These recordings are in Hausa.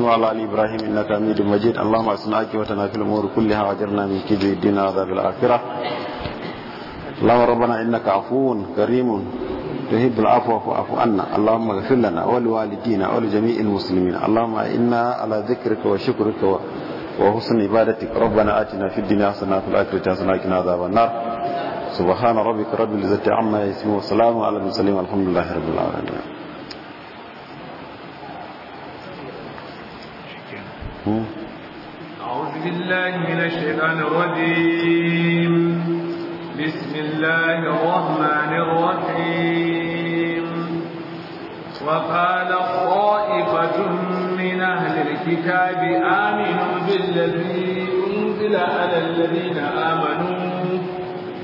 وعلى آل إبراهيم إنك حميد مجيد اللهم أحسن عاقبتنا في الأمور كلها وأجرنا من كيد الدين وعذاب الآخرة اللهم ربنا إنك عفو كريم تحب العفو فاعف عنا اللهم اغفر لنا ولوالدينا ولجميع المسلمين اللهم إنا على ذكرك وشكرك و... وحسن عبادتك ربنا آتنا في الدنيا حسنة وفي الآخرة حسنة وقنا عذاب النار سبحان ربك رب العزة عما يصفون وسلام على المرسلين والحمد لله رب العالمين أعوذ بالله من الشيطان الرجيم بسم الله الرحمن الرحيم وقال طائفة من أهل الكتاب آمنوا بالذي أنزل على الذين آمنوا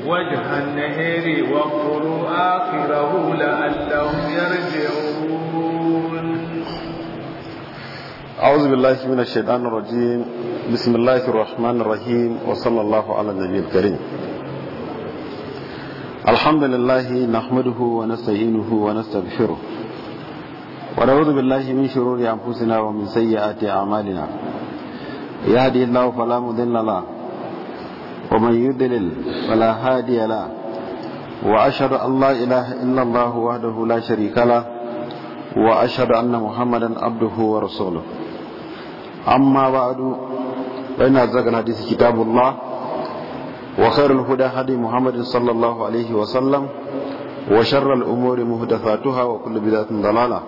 وجه النهر وقروا آخره لعلهم يرجعون أعوذ بالله من الشيطان الرجيم بسم الله الرحمن الرحيم وصلى الله على النبي الكريم الحمد لله نحمده ونستعينه ونستغفره ونعوذ بالله من شرور أنفسنا ومن سيئات أعمالنا يهدي الله فلا مضل له ومن يضلل فلا هادي له وأشهد أن لا إله إلا الله وحده لا شريك له وأشهد أن محمدا عبده ورسوله أما بعد فإن أصدق الحديث كتاب الله وخير الهدى هدي محمد صلى الله عليه وسلم وشر الأمور مهدثاتها وكل بدعة ضلالة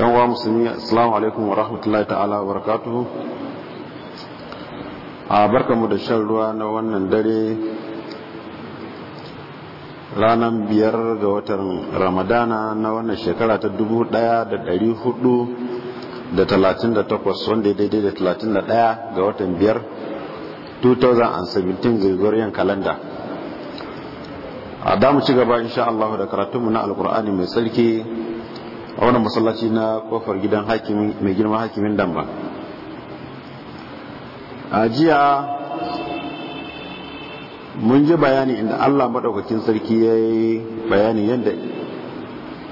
أيها المسلمين السلام عليكم ورحمة الله تعالى وبركاته أبارك مدشر روانا وانا داري ranar biyar ga watan ramadana na wannan shekara ta 1400 da talatin wanda ya daidai da talatin da ga watan biyar 2017 gregorian calendar a damu ci gaba insha Allah da karatunmu na alkur'ani mai tsarki a wani masallaci na kofar gidan mai girma hakimin damba a jiya mun ji bayani inda Allah maɗaukakin sarki ya yi bayani yadda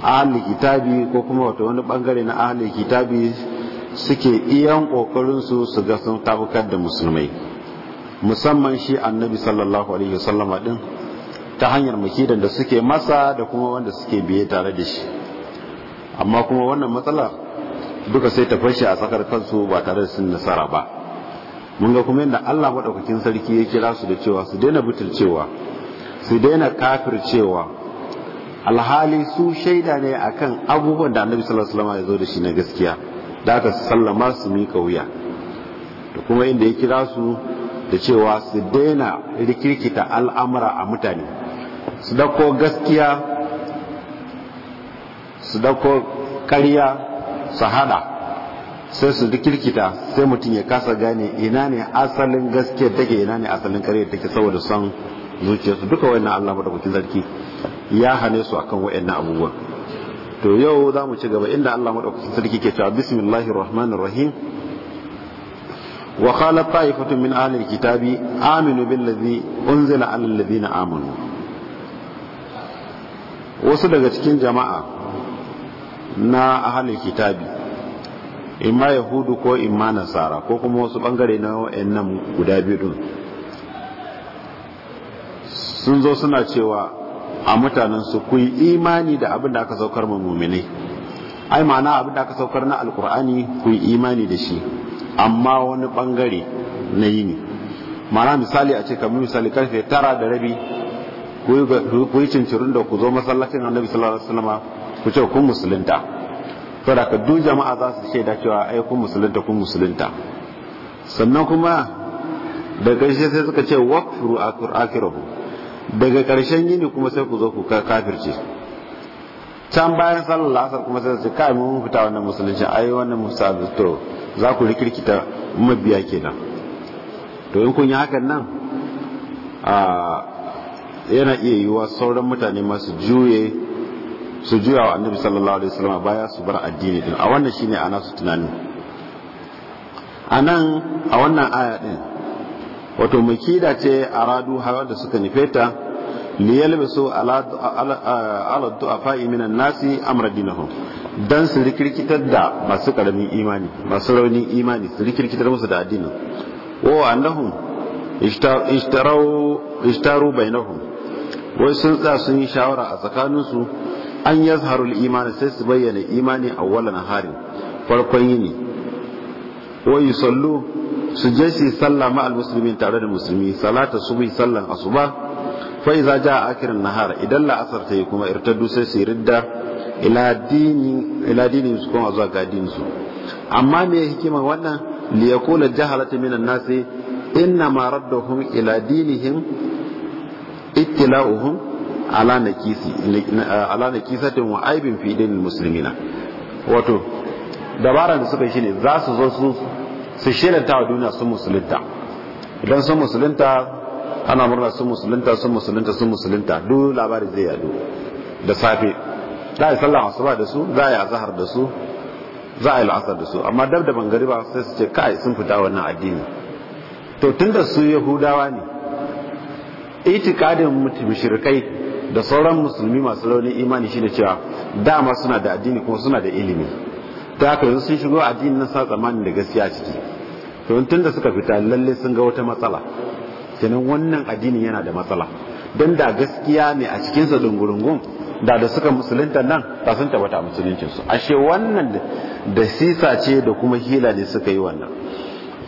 ahli kitabi ko kuma wata wani bangare na ahli kitabi suke iyan ƙoƙarinsu su ga sun tabukar da musulmai musamman shi annabi sallallahu alaihi wasallama din ta hanyar makidan da suke masa da kuma wanda suke biye tare da shi amma kuma wannan matsala duka sai ta fashe a tsakar kansu ba tare da sun nasara ba mun ga kuma yadda Allah maɗaukakin sarki ya kira su da cewa su daina butulcewa su daina kafircewa alhali su shaida ne akan abubuwan da annabi sallallahu alaihi wasallam ya zo da shi na gaskiya da aka sallama su mika wuya da kuma inda ya kira su da cewa su daina rikirkita al'amura a mutane su dako gaskiya su dako karya su hada sai su rikirkita sai mutum ya kasa gane ina ne asalin gaskiya take ina ne asalin karya take saboda son su duka wayannan allah madaukakin zarki ya hane su akan wayannan abubuwan to yau za mu ci gaba inda Allah maɗaukacin sarki ke cewa bismillahir rahmanir rahim wa qala ta'ifatu min ahli kitabi aminu billazi unzila ala alladhina amanu wasu daga cikin jama'a na ahli kitabi imma yahudu ko imma nasara ko kuma wasu bangare na wayannan guda biyu din sun zo suna cewa a mutanen su ku yi imani da abin da aka saukar mu mu'minai ai ma'ana abin da aka saukar na alkur'ani ku yi imani da shi amma wani bangare na ne ma'ana misali a ce kamar misali karfe tara da rabi ku yi cincirin da ku zo masallacin annabi sallallahu alaihi wasallam ku ce kun musulunta to da du jama'a za su shaida cewa ai kun musulunta kun musulunta sannan kuma da ƙarshe sai suka ce waqfuru akhirahu daga ƙarshen yini kuma sai ku zo ku kafirce can bayan sallar lasar kuma sai su kai mun fita wannan musulunci ai wannan musulunci to za ku rikirkita mabiya kenan to in kun yi hakan nan a yana iya yiwuwa sauran mutane masu juye su juya wa annabi sallallahu alaihi wasallam baya su bar addini din a wannan shine ana su tunani anan a wannan aya din wato makida ce a radu hawa da suka nufe ta liyalbasu ala du'afa minan nasi amra dinahum dan su rikirkitar da masu karamin imani masu raunin imani su rikirkitar musu da addinin wa annahum ishtaru ishtaru bainahum wai sun tsaya sun yi shawara a tsakaninsu an yazharul imani sai su bayyana imani a awwalan harin farkon yini wa yusallu su je su sallah ma al muslimin tare da musulmi salata subhi sallan asuba fa iza jaa akirin nahar idan la asar ta yi kuma irtadu sai su ridda ila dini ila dini su kuma zuwa ga dini su amma me hikima wannan li yakuna jahalatu minan nasi inna ma raddahum ila dinihim ittila'uhum ala nakisi ala nakisatin wa aibin fi dinil muslimina wato dabaran da suka yi shine za su zo su su shirinta wa duniya sun musulunta idan sun musulunta ana murna sun musulunta sun musulunta sun musulunta duk labari zai yadu da safe za a yi sallan asuba da su za a yi azahar da su za a yi la'asar da su amma dab da bangare ba sai su ce kai sun fita wannan addini to tunda su yahudawa ne itikadin mushrikai da sauran musulmi masu launin imani shine cewa dama suna da addini kuma suna da ilimi ta haka yanzu sun shigo addinin na sa tsammanin da gaskiya ciki to tun da suka fita lalle sun ga wata matsala kenan wannan addinin yana da matsala don da gaskiya ne a cikinsa dungurungun da da suka musulunta nan ta sun tabbata a musuluncinsu ashe wannan da sisa ce da kuma hila ne suka yi wannan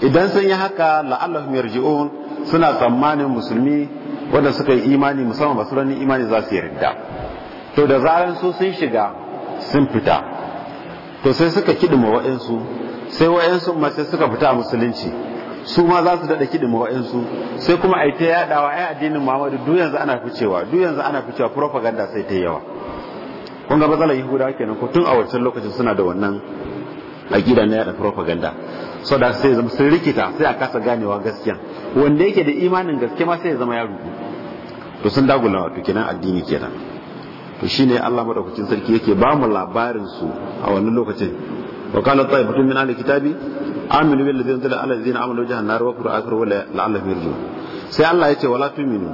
idan sun yi haka la'allahum yarji'un suna tsammanin musulmi wanda suka yi imani musamman basu ranin imani za su yarda to da zaran su sun shiga sun fita to sai suka kidima wa'insu sai wa'insu ma sai suka fita a musulunci su ma za su daɗa kidima wa'insu sai kuma a ta yaɗawa ai addinin muhammadu duk yanzu ana ficewa duk yanzu ana ficewa propaganda sai ta yawa kun ga matsalar yahudawa kenan ko tun a wancan lokacin suna da wannan aƙida na yaɗa propaganda so da sai zama sun rikita sai a kasa ganewa gaskiya wanda yake da imanin gaske ma sai ya zama ya rubu to sun dagula wato kenan addini kenan to shine Allah madaukakin sarki yake ba mu labarin su a wannan lokacin wa kana ta'ifatun min ahli kitabi aminu bil ladzina zala ala ladzina amanu jahan nar wa qur akhir wa la'allahum yarji'un sai Allah yace wala tu'minu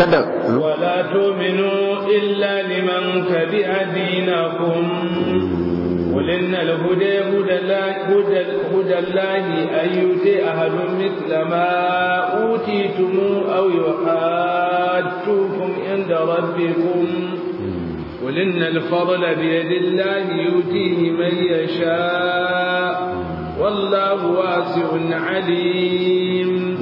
kada hmm? wala tu'minu illa liman tabi'a dinakum قل إن الهدى هدى الله أن يؤتي أحد مثل ما أوتيتم أو يحاجوكم عند ربكم قل إن الفضل بيد الله يؤتيه من يشاء والله واسع عليم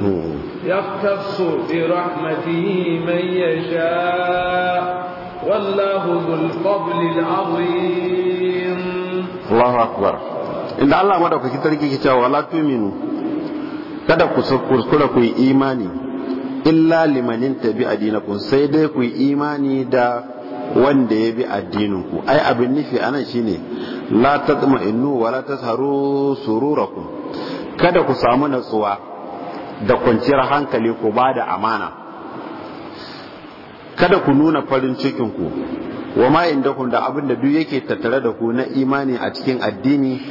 يختص برحمته من يشاء والله ذو الفضل العظيم الله أكبر إن الله ما دوك كتركي كتاب ولا تؤمنوا kada ku kuskura ku yi imani illa limanin tabi adinakun sai dai ku yi imani da wanda ya bi addininku ai abin nufi anan shine la tatma'innu wa la tasharu sururaku kada ku samu natsuwa da kwanciyar hankali ku ba da amana kada ku nuna farin cikinku wa ma indakum da abin da duk yake tattare da ku na imani a cikin addini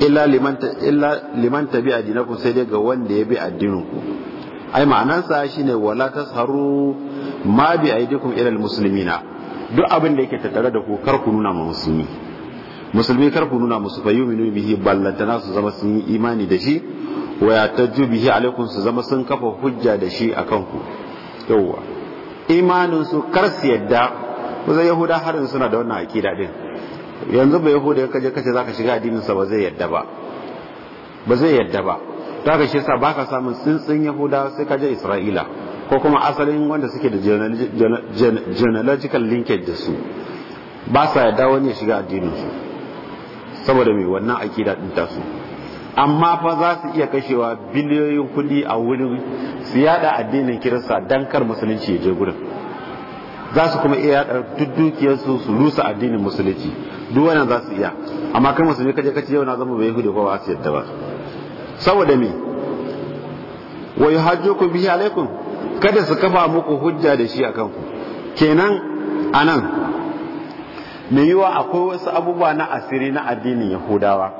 illa liman illa liman tabi sai dai ga wanda ya bi addininku ai ma'anansa shine wala tasharu ma bi aidikum ila almuslimina duk abin da yake tattare da ku kar ku nuna ma musulmi musulmi kar ku nuna musu fayu minu bihi ballantana su zama sun yi imani da shi wa ya tajju bihi alaikum su zama sun kafa hujja da shi akan ku yawwa imanin su kar su yadda kusa yahuda harin suna da wannan akida din yanzu ba yahuda ya kaje kace zaka shiga addinin sa ba zai yadda ba ba zai yadda ba ta shi yasa baka samun tsintsin yahuda sai kaje isra'ila ko kuma asalin wanda suke da genealogical linkage da su ba sa yadda wani ya shiga addininsu saboda mai wannan akida din su amma fa za su iya kashewa biliyoyin kudi a wurin su yada addinin kirista don kar musulunci ya je gurin za su kuma iya yada dukiyarsu su rusa addinin musulunci duk wannan za su iya amma kai musulmi kaje kace yau na zama bai hudu ko ba su yadda ba saboda me wa ku bihi alaikum kada su kafa muku hujja da shi akan ku kenan anan me yiwa akwai wasu abubuwa na asiri na addinin yahudawa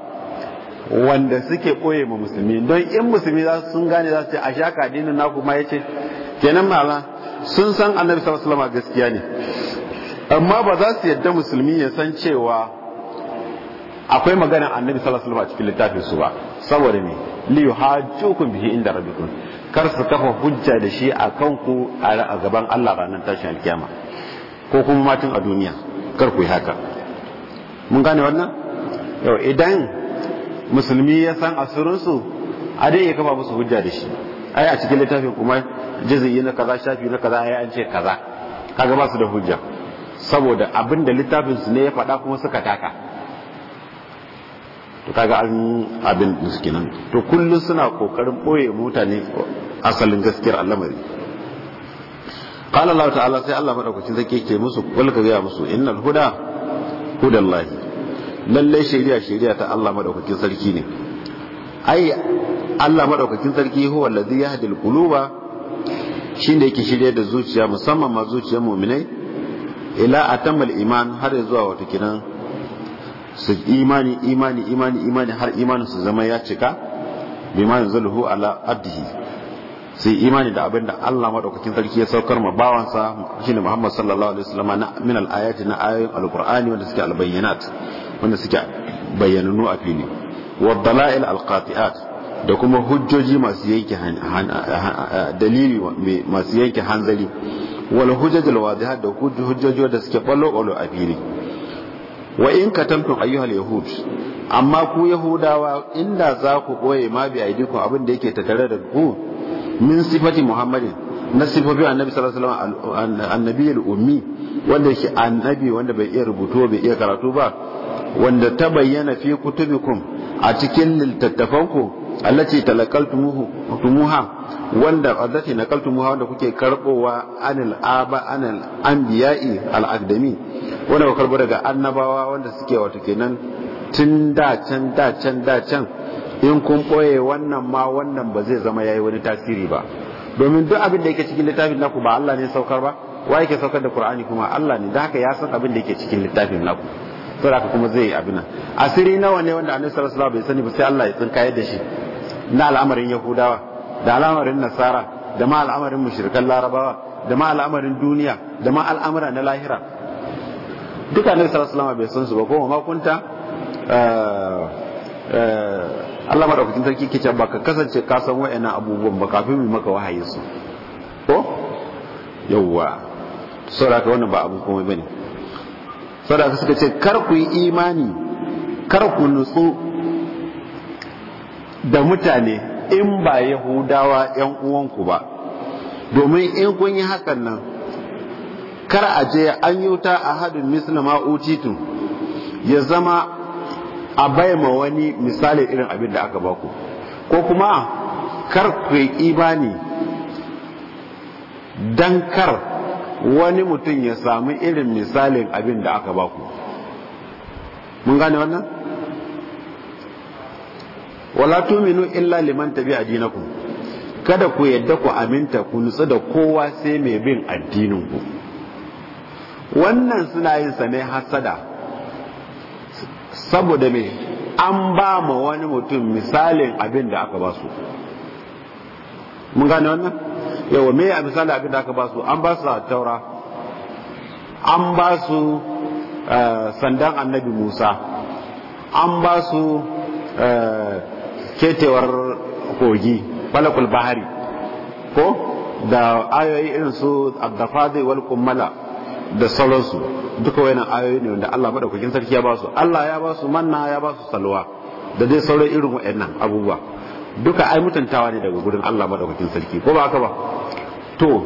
wanda suke koye ma musulmi don in musulmi za sun gane za su ce a shaka addinin naku ma yace kenan mala sun san annabi sallallahu alaihi wasallam gaskiya ne amma ba za su yadda musulmi ya san cewa akwai maganar annabi sallallahu alaihi wasallam cikin littafin su ba saboda ne li yuhajjukum bihi inda rabbikum kar su kafa hujja da shi a kanku a gaban Allah ranar tashin alkiyama ko kuma matan a duniya kar ku yi haka mun gane wannan yau idan musulmi ya san asirin su a dai ya kafa musu hujja da shi ai a cikin littafin kuma jazai na kaza shafi na kaza ai an ce kaza kaga ba su da hujja saboda abin da littafin su ne ya faɗa kuma suka taka to kaga an abin miskinan to kullum suna kokarin boye mutane asalin gaskiyar al'amari qala Allah ta'ala sai Allah madaukakin zake ke musu kul ka ga musu innal huda hudallahi lalle shari'a shari'a ta Allah madaukakin sarki ne ai Allah madaukakin sarki huwa wallazi yahdil quluba shine yake shirye da zuciya musamman ma zuciyar mu'minai ila atamal iman har zuwa wata kinan su imani imani imani imani har imanin su zama ya cika bimanin zulhu ala abdihi sai imani da abinda Allah madaukakin sarki ya saukar ma bawansa shine Muhammad sallallahu alaihi wasallam na min al-ayati na ayoyin al-Qur'ani wanda suke al-bayyinat wanda suke bayyananu a fili wa dalail al-qati'at da kuma hujjoji masu yanke dalili masu yanke hanzari wal hujjaj al-wadihat da hujjoji da suke ballo ballo a fili wa in katamtum ayyuhal yahud amma ku yahudawa inda za ku boye ma bi ku abin da yake tattare da ku min sifati muhammadin na sifofi annabi sallallahu alaihi wasallam annabi ummi wanda yake annabi wanda bai iya rubutu bai iya karatu ba wanda ta bayyana fi kutubikum a cikin littattafanku allati tumuha wanda allati nakaltumuha wanda kuke karbowa anil aba anil anbiya'i al aqdami wanda kuka karbo daga annabawa wanda suke wato kenan tun da can da can da can in kun boye wannan ma wannan ba zai zama yayi wani tasiri ba domin duk abin da yake cikin littafin naku ba Allah ne saukar ba wa yake saukar da Qur'ani kuma Allah ne da haka ya san abin da yake cikin littafin naku saboda kuma zai yi abin asiri nawa ne wanda Annabi sallallahu alaihi wasallam bai sani ba sai Allah ya tsinka yadda shi na al'amarin yahudawa da al'amarin nasara da ma al'amarin mushrikan larabawa da ma al'amarin duniya da ma al'amura na lahira duka ne sallallahu alaihi bai san su ba ko ma kunta eh, eh, Allah madaukakin sarki ke ba ka kasance ka san wayannan abubuwan ba kafin mu maka wahayi su ko yawwa sora ka wannan ba abu komai bane saboda suka ce kar ku yi imani kar ku nutsu da mutane in ba yahudawa yan uwanku ba domin in kun yi hakan nan kar a je an yi wuta a hadin misli utitu ya zama a ma wani misali irin abin da aka baku ko kuma kar ku yi ibani dan kar wani mutum ya sami irin misalin abin da aka baku mun gane wannan wala tu'minu illa liman tabi'a dinakum kada ku yadda ku aminta ku nutsu da kowa sai mai bin addinin ku wannan suna yin sa ne hasada saboda me an ba ma wani mutum misalin abin da aka ba su mun gane wannan yawa me a misalin abin da aka ba su an ba su taura an ba su eh, sandan annabi musa an ba su eh, ketewar kogi falakul bahari ko da ayoyi irin su abdafadi wal kummala da sauransu duka wani ayoyi ne wanda Allah madaukakin sarki ya ba su Allah ya ba su manna ya ba su salwa da dai sauran irin nan abubuwa duka ai mutuntawa ne daga gudun Allah madaukakin sarki ko ba haka ba to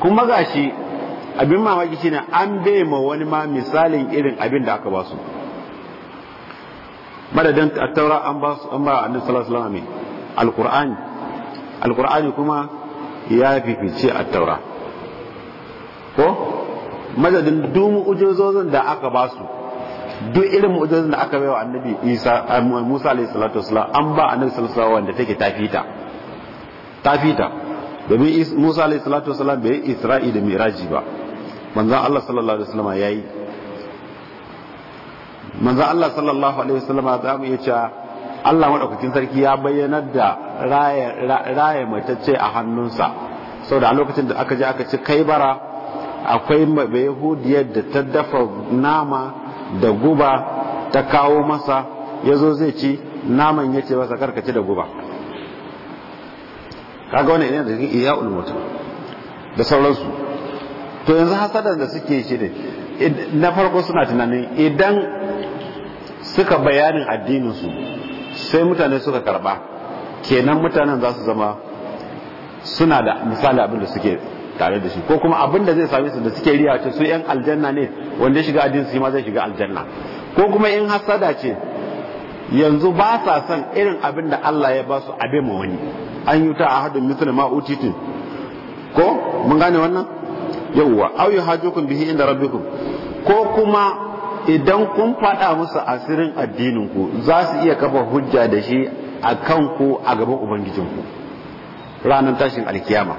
kuma gashi abin mamaki shine an bai ma wani ma misalin irin abin da aka ba su madadin attaura an ba su an ba annabi sallallahu alaihi wasallam alquran alqur'ani kuma ya fifice attaura ko madadin duk mu'jizozin da aka ba su duk irin mu'jizozin da aka wa annabi Isa Musa alaihi salatu wasallam an ba annabi sallallahu alaihi wasallam wanda take tafita tafita domin Musa alaihi salatu wasallam bai Isra'i da Miraji ba manzon Allah sallallahu alaihi wasallam yayi manzo Allah sallallahu alaihi wasallam za mu iya cewa Allah madaukakin sarki ya bayyanar da raya matacce a hannunsa saboda a lokacin da aka je aka ci kai bara akwai yahudiyar da ta dafa nama da guba ta kawo masa yazo zai ci naman yace masa karka ci da guba kaga wani idan da iya ulmuta da sauransu to yanzu hasadan da suke shi ne na farko suna tunanin idan suka bayanin addininsu sai mutane suka karba kenan mutanen za su zama suna da misali abin da suke tare da shi ko kuma abin da zai same su da suke riya ce su yan aljanna ne wanda ya shiga addinin su ma zai shiga aljanna ko kuma in hasada ce yanzu ba sa son irin abin da Allah ya ba su abe ma wani an yuta ahadun mithla ma utitin ko mun gane wannan yawwa aw kun bihi inda rabbikum ko kuma idan kun faɗa musu asirin addinin ku za su iya kafa hujja da shi a ku a gaban ubangijinku ranar tashin alkiyama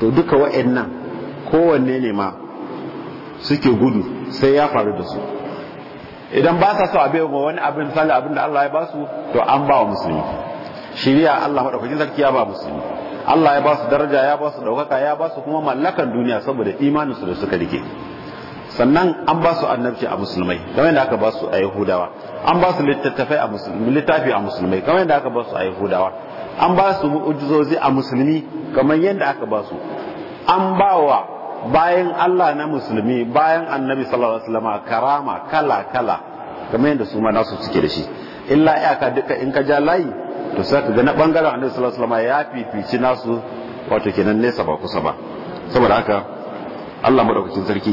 to duka wa'annan kowanne ne ma suke gudu sai ya faru da su idan ba sa so a baiwa wani abin sallah abin da Allah ya ba su to an ba wa musulmi shiriya Allah madaukakin sarki ya ba musulmi Allah ya ba su daraja ya ba su daukaka ya ba su kuma mallakan duniya saboda imaninsu da suka rike sannan an ba su annabci a musulmai kamar yadda aka ba su a yahudawa an ba su littattafai a musulmi littafi a musulmai kamar yadda aka ba su a yahudawa an ba su mu'ujizozi a musulmi kamar yadda aka ba su an ba wa bayan Allah na musulmi bayan annabi sallallahu alaihi wasallam karama kala kala kamar yadda su ma nasu suke da shi illa iyaka duka in ka ja layi to sai ka ga na bangaren annabi sallallahu alaihi wasallam ya fifici nasu wato kenan nesa ba kusa ba saboda haka Allah madaukakin sarki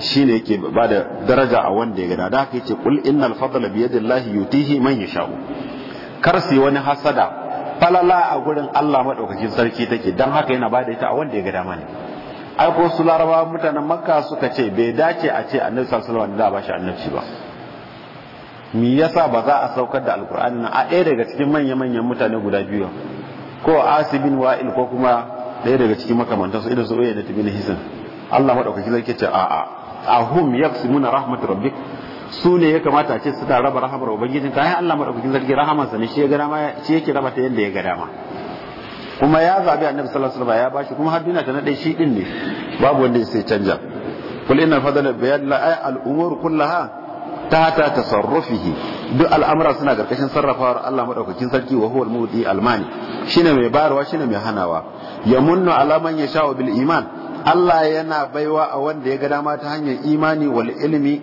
shine yake ba da daraja a wanda ya gada da haka yace qul innal fadla bi yadillahi yutihi man yasha kar su wani hasada falala a gurin Allah madaukakin sarki take dan haka yana bada ita a wanda ya gada mani ai ko su laraba mutanen makka suka ce bai dace a ce annabi sallallahu alaihi wasallam da ba shi annabci ba mi yasa ba za a saukar da alkur'ani na a ɗaya daga cikin manya-manyan mutane guda biyu ko asibin wa'il ko kuma ɗaya daga cikin makamantansu idan su ɗaya da tabi na hisan Allah maɗaukaki zai ce a'a a hum yaksimuna rahmat rabbik su ne ya kamata ce su raba rahamar ubangijin kayan Allah maɗaukakin sarki rahamarsa ne shi ya gada ma shi yake raba ta yadda ya gada ma kuma ya zabi annabi sallallahu alaihi wasallam ya bashi kuma har duniya ta ɗaya shi ɗin ne babu wanda sai canja kul inna fadala bayan yalla ay al kullaha tata tasarrufihi duk al'amura suna karkashin sarrafawar Allah madaukakin sarki wa huwal mudi almani shine mai bayarwa shine mai hanawa yamunnu ala man yasha bil iman Allah yana baiwa a wanda ya ga dama ta hanyar imani wal ilmi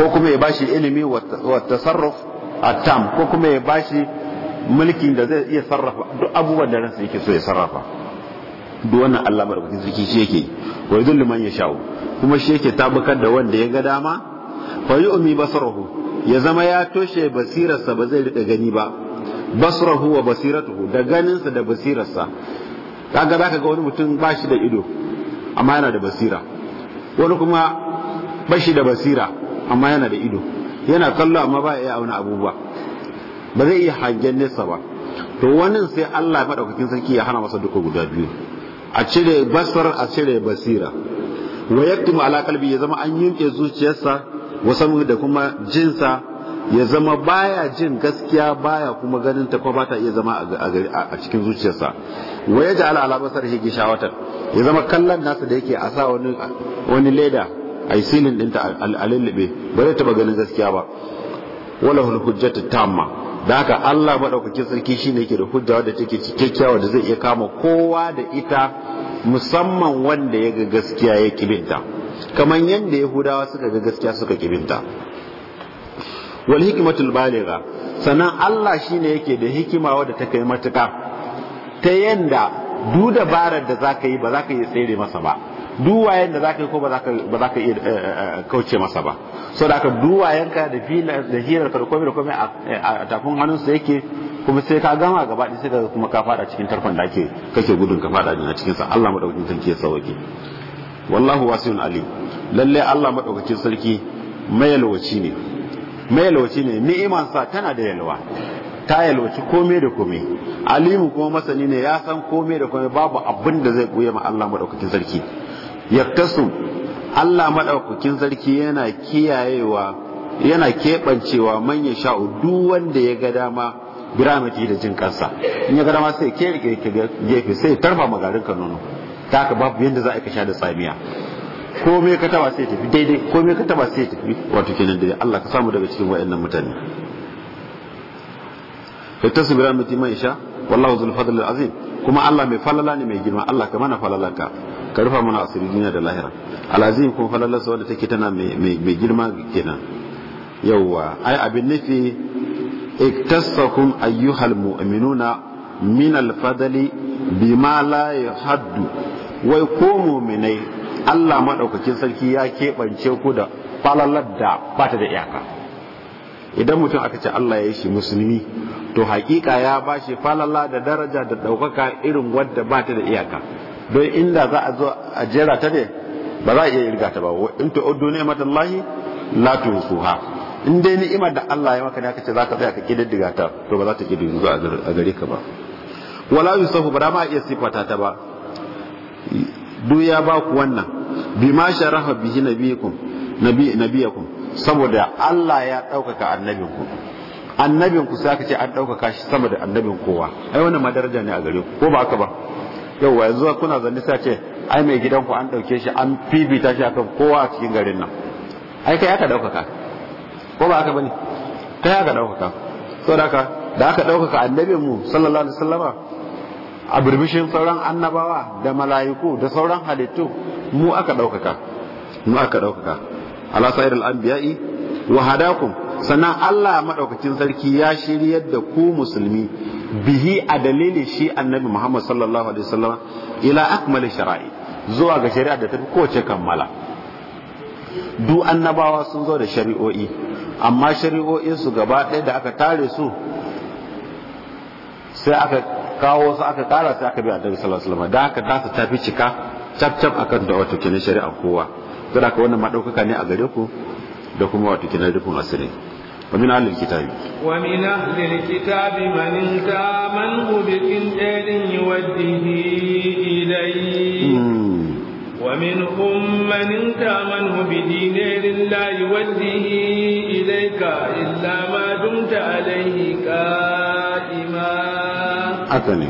ko kuma ya bashi ilimi wa tasarruf atam ko kuma ya bashi mulkin da zai iya sarrafa duk abubuwan da ransa yake so ya sarrafa duk wannan Allah madaukakin sarki shi yake wa yudullu man yasha kuma shi yake tabbatar da wanda ya ga dama fayu'mi basarahu ya zama ya toshe basirarsa ba zai rika gani ba basarahu wa basiratuhu da ganinsa da basirarsa kaga zaka ga wani mutum ba shi da ido amma yana da basira wani kuma ba shi da basira amma yana da ido yana kallo amma ba ya auna abubuwa ba zai iya hangen nesa ba to wani sai Allah madaukakin sarki ya hana masa duka guda biyu a cire basar a cire basira wa yaktumu ala kalbi ya zama an yunke zuciyarsa wasan da kuma jinsa ya zama baya jin gaskiya baya kuma ganin ta ba ta iya zama a cikin zuciyarsa wa ya ja'ala ala basarihi gishawatan ya zama kallon nasa da yake a sa wani wani leda ai silin dinta a lullube ba zai taba ganin gaskiya ba wala hul hujjatu tamma da haka Allah madaukakin sarki shine yake da hujja wadda take cikakkiya da zai iya kama kowa da ita musamman wanda ya ga gaskiya ya binta. kamar yadda yahudawa suka ga gaskiya suka kibinta wal hikmatul baligha sannan Allah shine yake da hikima wadda ta kai matuka ta yanda du dabarar da zaka yi ba zaka yi tsere masa ba wayan da zaka yi ko ba za ka yi eh, eh, eh, kauce masa ba so da aka wayan ka da filar da hirar ka da komai da komai a tafin sa yake kuma sai ka gama gaba sai ka kuma ka fada cikin tarfan da ake kake gudun ka fada a cikin sa Allah madaukakin sarki ya sauke wallahu wasiun ali lalle Allah madaukakin sarki yalwaci ne yalwaci ne ni'imansa tana da yalwa ta yalwaci komai da komai alimu kuma masani ne ya san komai da komai babu abin da zai koya ma Allah madaukakin sarki yaktasu Allah madaukakin sarki yana kiyayewa yana keɓancewa manyan sha'u duk wanda ya ga dama biramiti da jin kansa in ya ga dama sai ke gefe sai tarfa magarin ka nono ta haka babu yadda za a kasha da tsamiya komai ka taba sai tafi daidai komai ka taba sai tafi wato kenan daidai Allah ka samu daga cikin wayannan mutane fa tasbira mati mai isha wallahu zul fadl azim kuma Allah mai falala ne mai girma Allah ka mana falalanka ka rufa mana asiri duniya da lahira alazim kuma falalarsa wanda take tana mai girma kenan yawwa ai abin nufi iktasakum ayyuhal mu'minuna min al-fadli bima la yahaddu wai ko muminai Allah maɗaukakin sarki ya keɓance ku da falalar da ba ta da iyaka idan mutum aka ce Allah ya yi shi musulmi to hakika ya ba shi falala da daraja da ɗaukaka irin wadda ba ta da iyaka don inda za a zo a jera ta ne ba za a iya irga ta ba in to mata lahi la tuhsuha in dai ni'imar da Allah ya maka ne aka ce za ka tsaya ka kididdiga ta to ba za ta kididdiga a gare ka ba wala yusafu ba ma iya sifata ta ba duk ya ba ku wannan bi ma sharaha bihi nabiyakum nabiyakum saboda Allah ya ɗaukaka annabinku annabinku sai aka ce an ɗaukaka shi sama da annabin kowa ai wannan ma daraja ne a gare ku ko ba haka ba yauwa yanzu kuna zanne sai ce ai mai gidanku an ɗauke shi an fifita shi akan kowa a cikin garin nan ai kai aka ɗaukaka ko ba haka bane kai aka ɗaukaka saboda haka da aka ɗaukaka annabinmu sallallahu alaihi wasallama a birbishin sauran annabawa da mala'iku da sauran halittu mu aka ɗaukaka mu aka ɗaukaka ala sa'ir al-anbiya'i wa hadakum sannan Allah maɗaukacin sarki ya shiryar da ku musulmi bihi a dalilin shi annabi Muhammad sallallahu alaihi wasallam ila akmali shara'i zuwa ga shari'a da tafi kowace kammala duk annabawa sun zo da shari'o'i amma shari'o'in su gaba ɗaya da aka tare su sai aka kawo wasu aka kara sai aka bi annabi sallallahu alaihi wasallam da aka nasa ta fi cika cap cap akan da wato kenan shari'a kowa to da wannan madaukaka ne a gare ku da kuma wato kenan rufin asiri wa min الكتاب ومن أهل haka ne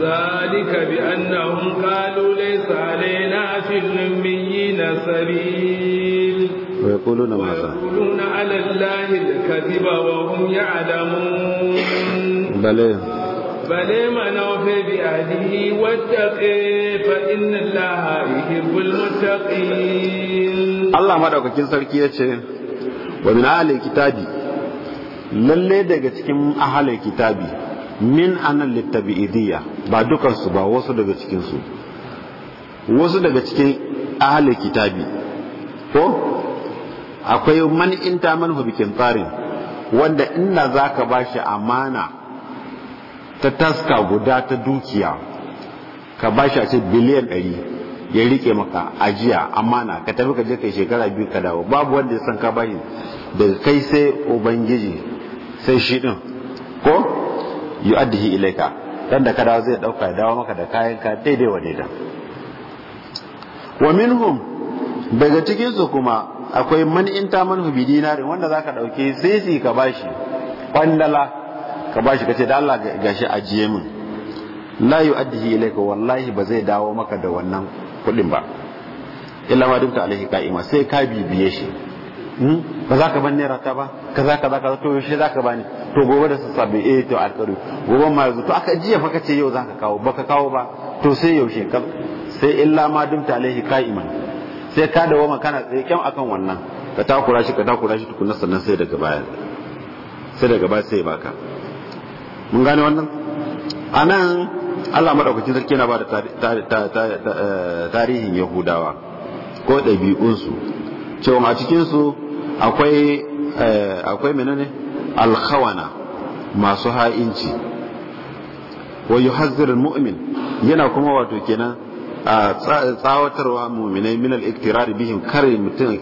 zalika bi annahum qalu laysa alayna shirrun min yinasabil wa yaquluna ma sa yaquluna ala allahi alkaziba wa hum ya'lamun bale bale ma nawfi bi ahlihi wattaqi fa inna allaha yuhibbul muttaqin allah madaukakin sarki yace wa min ahli kitabi lalle daga cikin ahli kitabi min anan littabi'idiyya ba dukansu ba wasu daga cikinsu wasu daga cikin ahalin kitabi ko akwai man inta bikin tsarin wanda inda za ka ba shi amana ta taska guda ta dukiya ka ba shi a ce biliyan ɗari ya rike maka ajiya amana ka tafi ka je kai shekara biyu ka dawo babu wanda ya san ka bashi daga kai sai ubangiji sai shi ɗin ko addihi ilaika dan da kada zai dauka ya dawo maka da kayanka daidai wa daidai wa minhum daga cikin su kuma akwai man in ta manhu bi dinarin wanda zaka dauke sisi ka bashi kwandala ka bashi kace da Allah gashi ajiye min la addihi ilaika wallahi ba zai dawo maka da wannan kuɗin ba illa ma dumta alaihi qa'ima sai ka bibiye shi Hmm? ba za ka ban naira ta ba ka za ka to yaushe za ka bani to gobe da sabbin eh to alƙaru gobe ma yanzu to aka jiya fa kace yau za ka kawo baka kawo ba to sai yaushe ka sai illa ma dumta alaihi qa'iman sai ka dawo makana tsaye kyan akan wannan ka takura shi ka takura shi tukunna sannan sai daga baya sai daga baya sai baka mun gane wannan anan Allah madaukakin sarki yana ba da eh, tarihin Yahudawa ko ɗabi'unsu cewa a cikinsu akwai eh, akwai menene alkhawana masu ha'inci wa yuhazzir mu'min yana kuma wato kenan tsawatarwa muminai min al-iktirar bihim kare mutum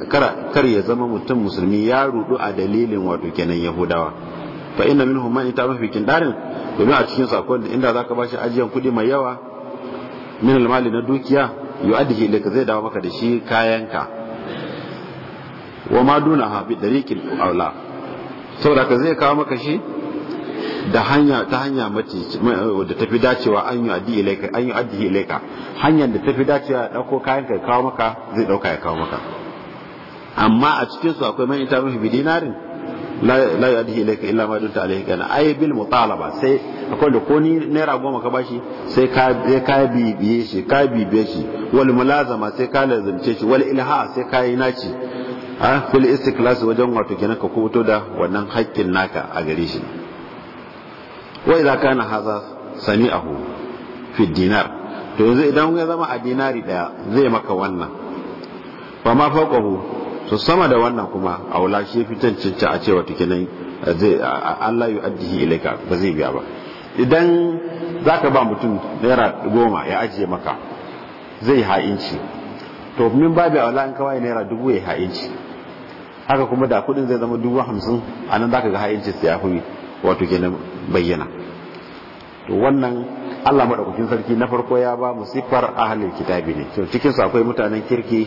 kare ya zama mutum musulmi ya rudu a dalilin wato kenan yahudawa fa inna minhum man ita mafi kindarin domin a cikin sakon da inda zaka shi ajiyan kuɗi mai yawa min al-mali na dukiya yu'addihi ilayka zai dawo maka da shi kayanka wa ma ha bi dariqil aula saboda ka zai kawo maka shi da hanya ta hanya mace da tafi dacewa an yi addi ilaika an yi addi ilaika hanyar da tafi dacewa ya ko kayan ka kawo maka zai dauka ya kawo maka amma a cikin su akwai man ita mafi dinarin la ya addi ilaika illa ma dunta alayka na ay bil mutalaba sai akwai da ko ni naira goma ka bashi sai ka sai ka bibiye shi ka bibiye shi wal mulazama sai ka lazimce shi wal ilha sai ka yi naci a fil istiklasi wajen wato kenan ka kubuto da wannan haƙƙin naka a gare shi za ka na haza sami'ahu fi dinar to yanzu idan ya zama a dinari daya zai maka wannan ba ma hu to sama da wannan kuma aula shi fitan cinta a cewa tukinan zai Allah addihi ilaika ba zai biya ba idan zaka ba mutum naira goma ya ajiye maka zai ha'inci to min babu aula in kawai naira dubu ya ha'inci haka kuma da kudin zai zama dubu hamsin a nan za ka ga ha'inci su ya wato kenan bayyana to wannan allah maɗaukakin sarki na farko ya ba mu siffar halin kitabi ne to cikin akwai mutanen kirki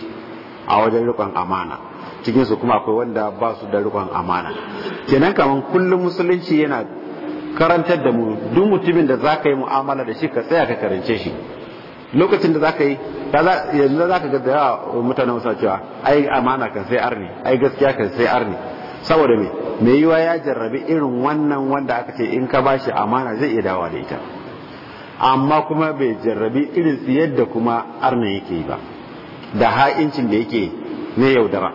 a wajen rikon amana cikinsu kuma akwai wanda ba su da rikon amana kenan kaman kullum musulunci yana karantar da mu duk mutumin da za ka yi mu'amala da shi ka tsaya ka karance shi lokacin da zaka yi yanzu zaka ga da yawa mutanen wasa cewa ai amana kan sai arni ai gaskiya kan sai arni saboda me me yiwa ya jarrabi irin wannan wanda aka ce in ka ba bashi amana zai iya dawa da ita amma kuma bai jarrabi irin tsiyar da kuma arna yake yi ba da ha'incin da yake na yaudara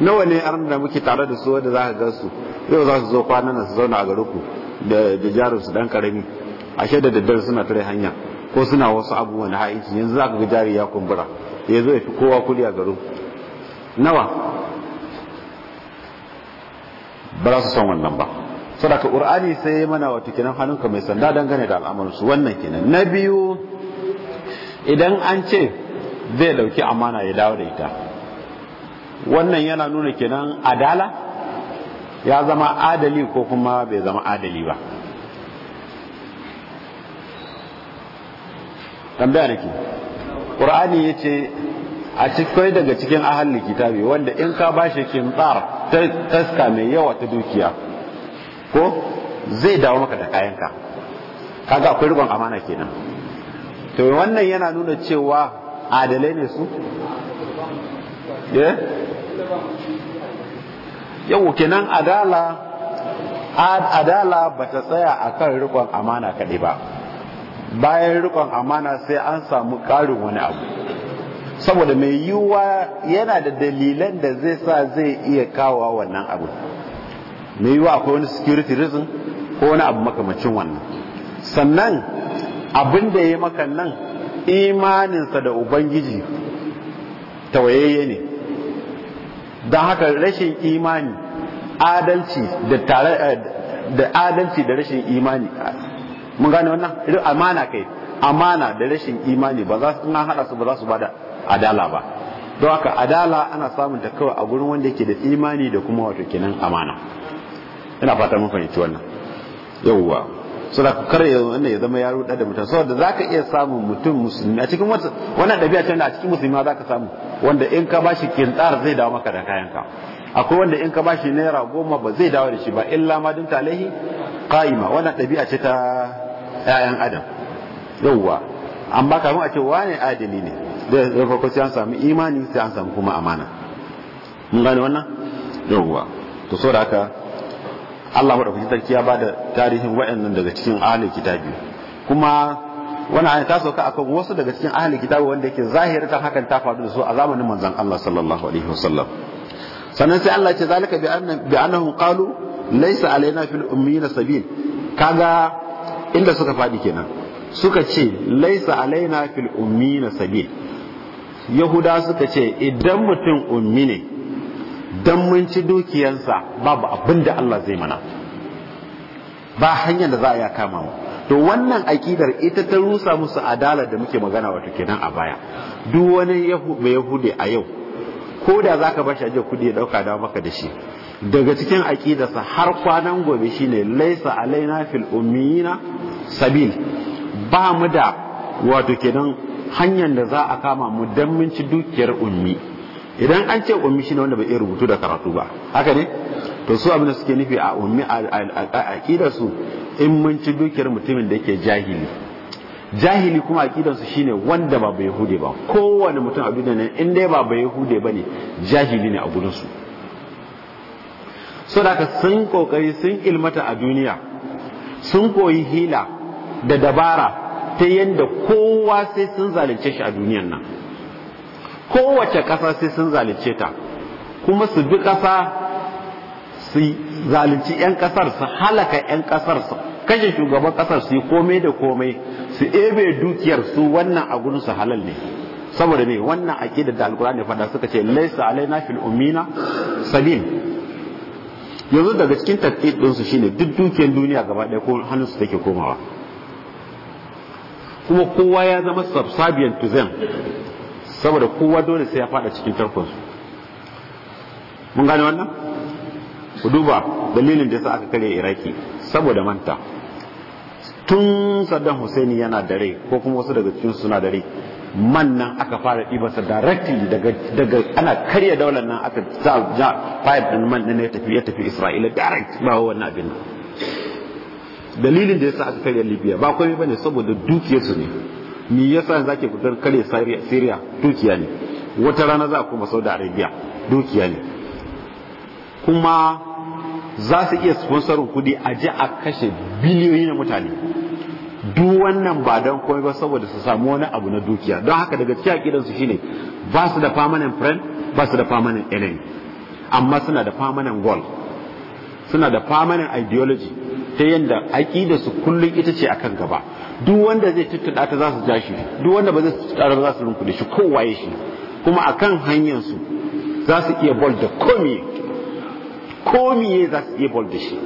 nawa ne arna da muke tare da su wanda za ka ga su yau za su zo kwanan su zauna a garinku da su dan karami ashe da daddare suna tare hanya ko suna wasu abubuwan haiti yanzu za ka ga jari ya kumbura ya zo ya fi kowa kuli a garin nawa ba za su son wannan ba sadaka qur'ani sai ya mana wata kenan hannunka mai sanda dangane da al'amuransu wannan kenan na biyu idan an ce zai ɗauki amana ya dawo da ita wannan yana nuna kenan adala ya zama adali ko kuma bai zama adali ba tambaya nake qur'ani yace a cikin daga cikin ahalin kitabi wanda in ka ba shi kintar taska mai yawa ta dukiya ko zai dawo maka da kayanka kaga akwai rikon amana kenan to wannan yana nuna cewa adalai ne su eh? yau kenan adala adala bata tsaya akan rikon amana kaɗai ba bayan rikon amana sai an samu ƙarin wani abu saboda mai yiwuwa yana da dalilan da zai sa zai iya kawo wannan abu mai yiwuwa akwai wani security reason ko wani abu makamacin wannan sannan abin da ya maka nan imaninsa da ubangiji tawayayye ne don haka rashin imani adalci da eh, rashin imani mun gane wannan amana kai amana da rashin imani ba za su na hada su ba za su bada adala ba don haka adala ana samun ta kawai a gurin wanda yake da imani da kuma wato kenan amana ina fata mun fahimci wannan yawwa sai ku kar ya wannan ya zama yaro da mutum saboda zaka iya samun mutum musulmi a cikin wata wannan ɗabi'a ce da a cikin musulmi zaka samu wanda in ka bashi kintar zai dawo maka da kayanka akwai wanda in ka bashi naira goma ba zai dawo da shi ba illa ma dinta alaihi qa'ima wannan ɗabi'a ce ta 'ya'yan adam yawwa amma mu a ce wane adali ne da farko sai an samu imani sai an samu kuma amana mun gane wannan yawwa to so da haka Allah madaukakin sarki ya bada tarihin wa'annan daga cikin ahlul kitabi kuma wani ayat ta sauka akan wasu daga cikin ahlul kitabi wanda yake ta hakan ta faru da su a zamanin manzon Allah sallallahu alaihi wasallam sannan sai Allah ya ce zalika bi annahum qalu laysa alaina fil ummiyina sabil kaga inda suka faɗi kenan suka ce laisa alaina fil ummi na sabi yahuda suka ce idan mutum ummi ne dan mun ci dukiyansa babu abin da Allah zai mana ba hanyar da za a ya kama mu to wannan akidar ita ta rusa musu adalar da muke magana wato kenan a baya duk wani mai yahudi a yau ko da zaka bashi aje kudi ya dauka da maka da shi daga cikin aƙidarsa har kwanan gobe shine laisa alaina fil ummiyina sabil ba mu da wato kenan hanyar da za a kama mu dan mun ci dukiyar ummi idan an ce ummi shine wanda bai rubutu da karatu ba haka ne to su abin da suke nufi a ummi a aqidar su in mun ci dukiyar mutumin da yake jahili jahili kuma aqidar su shine wanda ba bai hude ba kowane mutum a duniya in dai ba bai hude bane jahili ne a gurin su so sun kokari sun ilmata a duniya sun koyi hila da dabara ta yadda kowa sai sun zalunce shi a duniyan nan kowace ƙasa sai sun zalunce ta kuma su bi ƙasa su zalunci 'yan ƙasar su halaka 'yan ƙasar su kashe shugaban ƙasar su yi komai da komai su ebe dukiyar su wannan a su halal ne saboda ne wannan aƙidar da alkurani fada suka ce laisa alaina fil umina salim yanzu daga cikin tattit ɗinsu shine duk dukiyar duniya gaba ɗaya ko hannunsu take komawa kuma kowa ya zama subservient to them saboda kowa dole sai ya fada cikin tarkonsu mun gane wannan ku duba dalilin da ya sa aka kare iraki saboda manta tun saddam husaini yana da rai ko kuma wasu daga cikin suna da man nan aka fara ibarsa directly daga ana karya daular nan aka sa ja ɗin man nan ya tafi ya tafi isra'ila direct ba wannan abin dalilin da yasa aka karya libya ba komai bane saboda dukiyarsu ne me yasa zake fitar kare syria dukiya ne wata rana za a koma saudi arabia dukiya ne kuma za su iya sponsorin kudi a je a kashe biliyoyi na mutane duk wannan ba don komai ba saboda su samu wani abu na dukiya don haka daga cikin aƙidansu shine ba su da permanent friend ba su da permanent enemy amma suna da permanent goal suna da permanent ideology ta yadda aƙida su kullum ita ce akan gaba duk wanda zai tuttuɗa ta za su ja shi duk wanda ba zai tuttuɗa ba za su rinkuɗe shi ko waye shi kuma akan hanyar su za su iya bol da komiye komiye za su iya bol da shi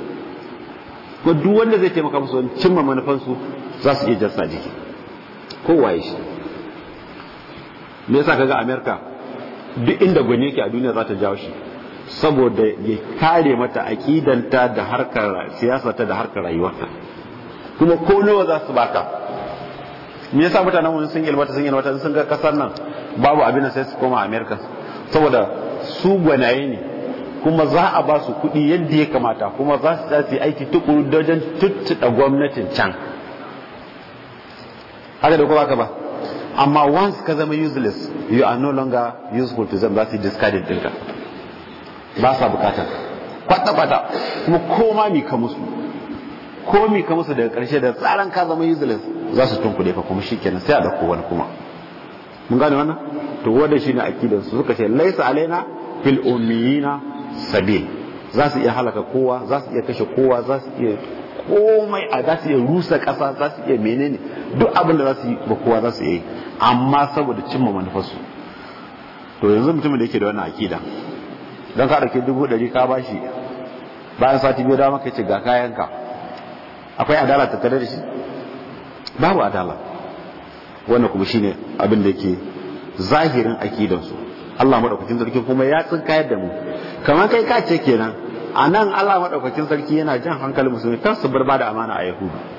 ko duk wanda zai taimaka musu cimma manufansu za su iya jasa jiki kowaye shi me yasa kaga america duk inda gwani yake a duniya za ta jawo shi saboda ya kare mata akidanta da harkar siyasata da harkar rayuwarta kuma ko nawa za su baka me yasa mutanen mun sun ilmata sun ilmata sun ga kasar nan babu abin da sai su koma america saboda su gwanaye ne kuma za a ba su kuɗi yadda ya kamata kuma za su aiki tukuru dajen tuttuɗa gwamnatin can haka da kuma ba amma once ka zama useless you are no longer useful to them za su discarded dinka ba sa bukata kwata-kwata kuma koma mi ka musu ko mi ka musu daga karshe da tsaran ka zama useless za su kuɗe fa kuma shikenan sai a dauko wani kuma mun gane wannan to wanda shine akidan su suka ce laisa alaina fil ummiina sabil za su iya halaka kowa za su iya kashe kowa za su iya komai a za su iya rusa ƙasa za su iya menene duk abin da za su yi ba kowa za su yi amma saboda cimma manufarsu to yanzu mutumin da yake da wannan akida don ka ɗauki dubu ɗari ka bashi bayan sati biyu dama ka ce ga kayanka akwai adala tattare da shi babu adala wannan kuma shine abin da yake zahirin akidansu Allah madaukakin sarki kuma ya tsinkayar da mu kamar kai ka ce kenan a nan Allah madaukakin sarki yana jan hankalin musulmi kan su bar ba da amana a yahudu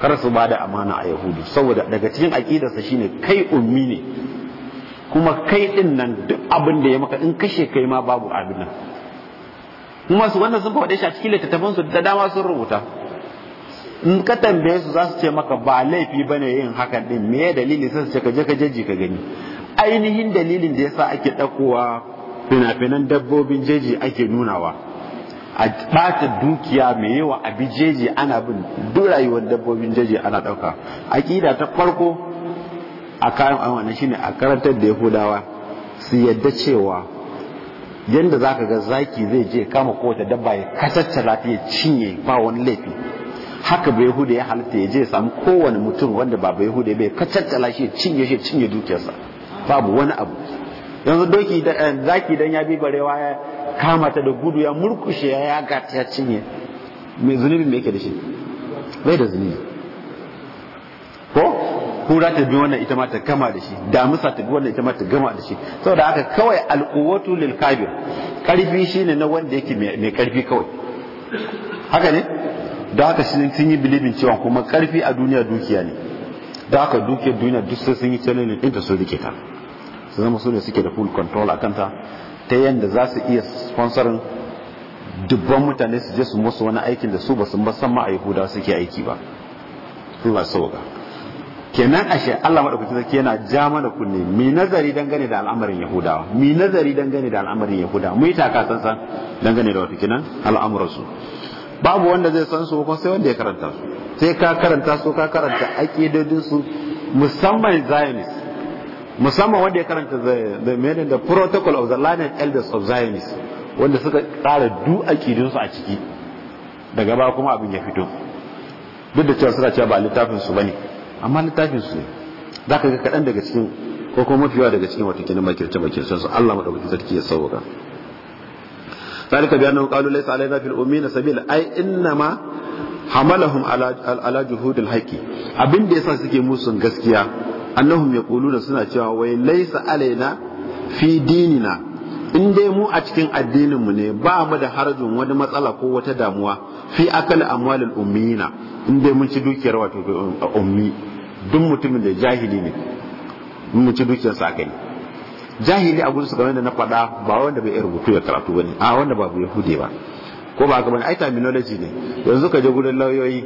kar su ba da amana a yahudu saboda daga cikin aƙidarsa shine kai ummi ne kuma kai din nan duk abin da ya maka in kashe kai ma babu abin nan kuma su wannan sun faɗe shi a cikin littattafan su da dama sun rubuta in ka tambaye su za su ce maka ba laifi bane yin hakan din me ya dalili sai su ce ka je ka jeji ka gani ainihin dalilin da yasa ake ɗakowa fina-finan dabbobin jeji ake nunawa a ɓata dukiya mai yawa a bijeji ana bin duk rayuwar dabbobin jeji ana ɗauka aƙida ta farko a kayan amana shine a karantar da yahudawa su yadda cewa yadda za ka ga zaki zai je kama kowace dabba ya kacaccala ta ya cinye ba wani laifi haka bai yahuda ya halitta ya je ya samu kowane mutum wanda ba bai ya bai kacaccala shi ya cinye shi cinye dukiyarsa babu wani abu yanzu doki da eh, zaki dan ya bi barewa ya kama ta da gudu ya murkushe ya yaga ta cinye Me zunubi me yake da shi bai da zunubi ko kura ta bi wannan ita ma ta kama da shi musa ta bi wannan ita ma ta gama da shi saboda haka kawai alquwatu lil kabir karfi shine na wanda yake mai karfi kawai haka ne da haka shi sun yi bilibin cewa kuma karfi a duniya dukiya ne da haka dukiyar duniya duk sai sun yi tsananin inda ta rike ta su zama su ne suke da full control a kanta ta yadda za su iya sponsorin dubban mutane su je su musu wani aikin da su ba su basan ma a yahuda suke aiki ba Allah sauka kenan ashe Allah madaukaki zaki yana ja mana kunne mi nazari dangane da al'amarin yahudawa mi nazari dangane da al'amarin yahudawa mu yi taka sansan dangane da wata kenan al'amuran su babu wanda zai san su kuma sai wanda ya karanta su sai ka karanta su ka karanta aqidodin su musamman zionist musamman wanda ya karanta the meaning the protocol of the learned elders of Zionists wanda suka tsara du su a ciki daga ba kuma abin ya fito duk da cewa suna cewa ba littafin su bane amma littafin su ne zaka ga kaɗan daga cikin ko kuma yawa daga cikin wata kinin makirce makircen su Allah madaukakin sarki ya sauka bayanan بأنهم قالوا ليس علينا في الأمين ai أي إنما hamalahum ala juhudil haqi abin da yasa suke musun gaskiya annahum yaquluna suna cewa wai laisa alaina fi dinina in dai mu a cikin addinin mu ne ba mu da harajin wani matsala ko wata damuwa fi akal amwalil ummiyina in dai mun ci dukiyar wato ummi duk mutumin da jahili ne mun ci dukiyar sa kai jahili a gurin su kamar da na faɗa ba wanda bai rubutu ya karatu bane a wanda ba bai hude ba ko ba ga bane ai terminology ne yanzu ka je gurin lauyoyi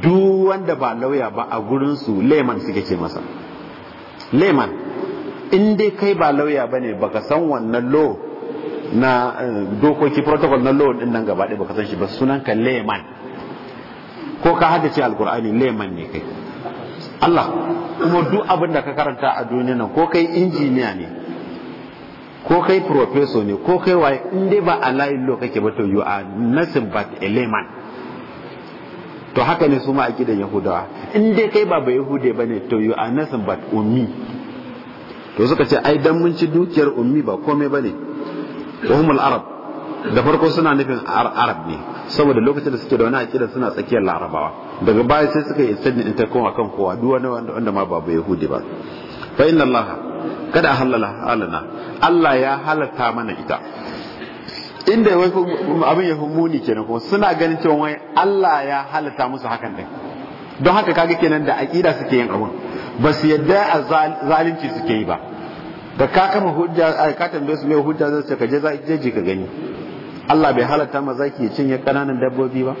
duk wanda ba lauya ba a gurinsu leman suke ce masa leman in dai kai ba lauya ba ne baka san wannan law na eh, dokoki protocol na lo din nan gaba baka san shi ba sunan ka leman ko ka ce alkur'ani leman ne kai Allah kuma duk abin da ka karanta a duniya nan ko kai injiniya ne ko kai professor ne ko kai waye in dai ba a layin law kake ba to you are nothing but a layman to haka ne su ma aqidan yahudawa in dai kai ba ba yahude bane to you are nothing but ummi to suka ce ai dan mun ci dukiyar ummi ba komai bane wahumul arab da farko suna nufin arab ne saboda lokacin da suke da wani aqida suna tsakiyar larabawa daga baya sai suka yi sanin in ta koma kan kowa duk wani wanda ma ba ba yahude ba fa inna allaha kada halala halana allah ya halatta mana ita inda abin ya muni kenan kuma suna ganin cewa wai Allah ya halatta musu hakan din don haka kaga kenan da aqida suke yin abun ba su yadda a zalunci suke yi ba da ka kama hujja ka tambaye su mai hujja zai ce ka je jeji ka gani Allah bai halatta ma zaki ya cinye kananan dabbobi ba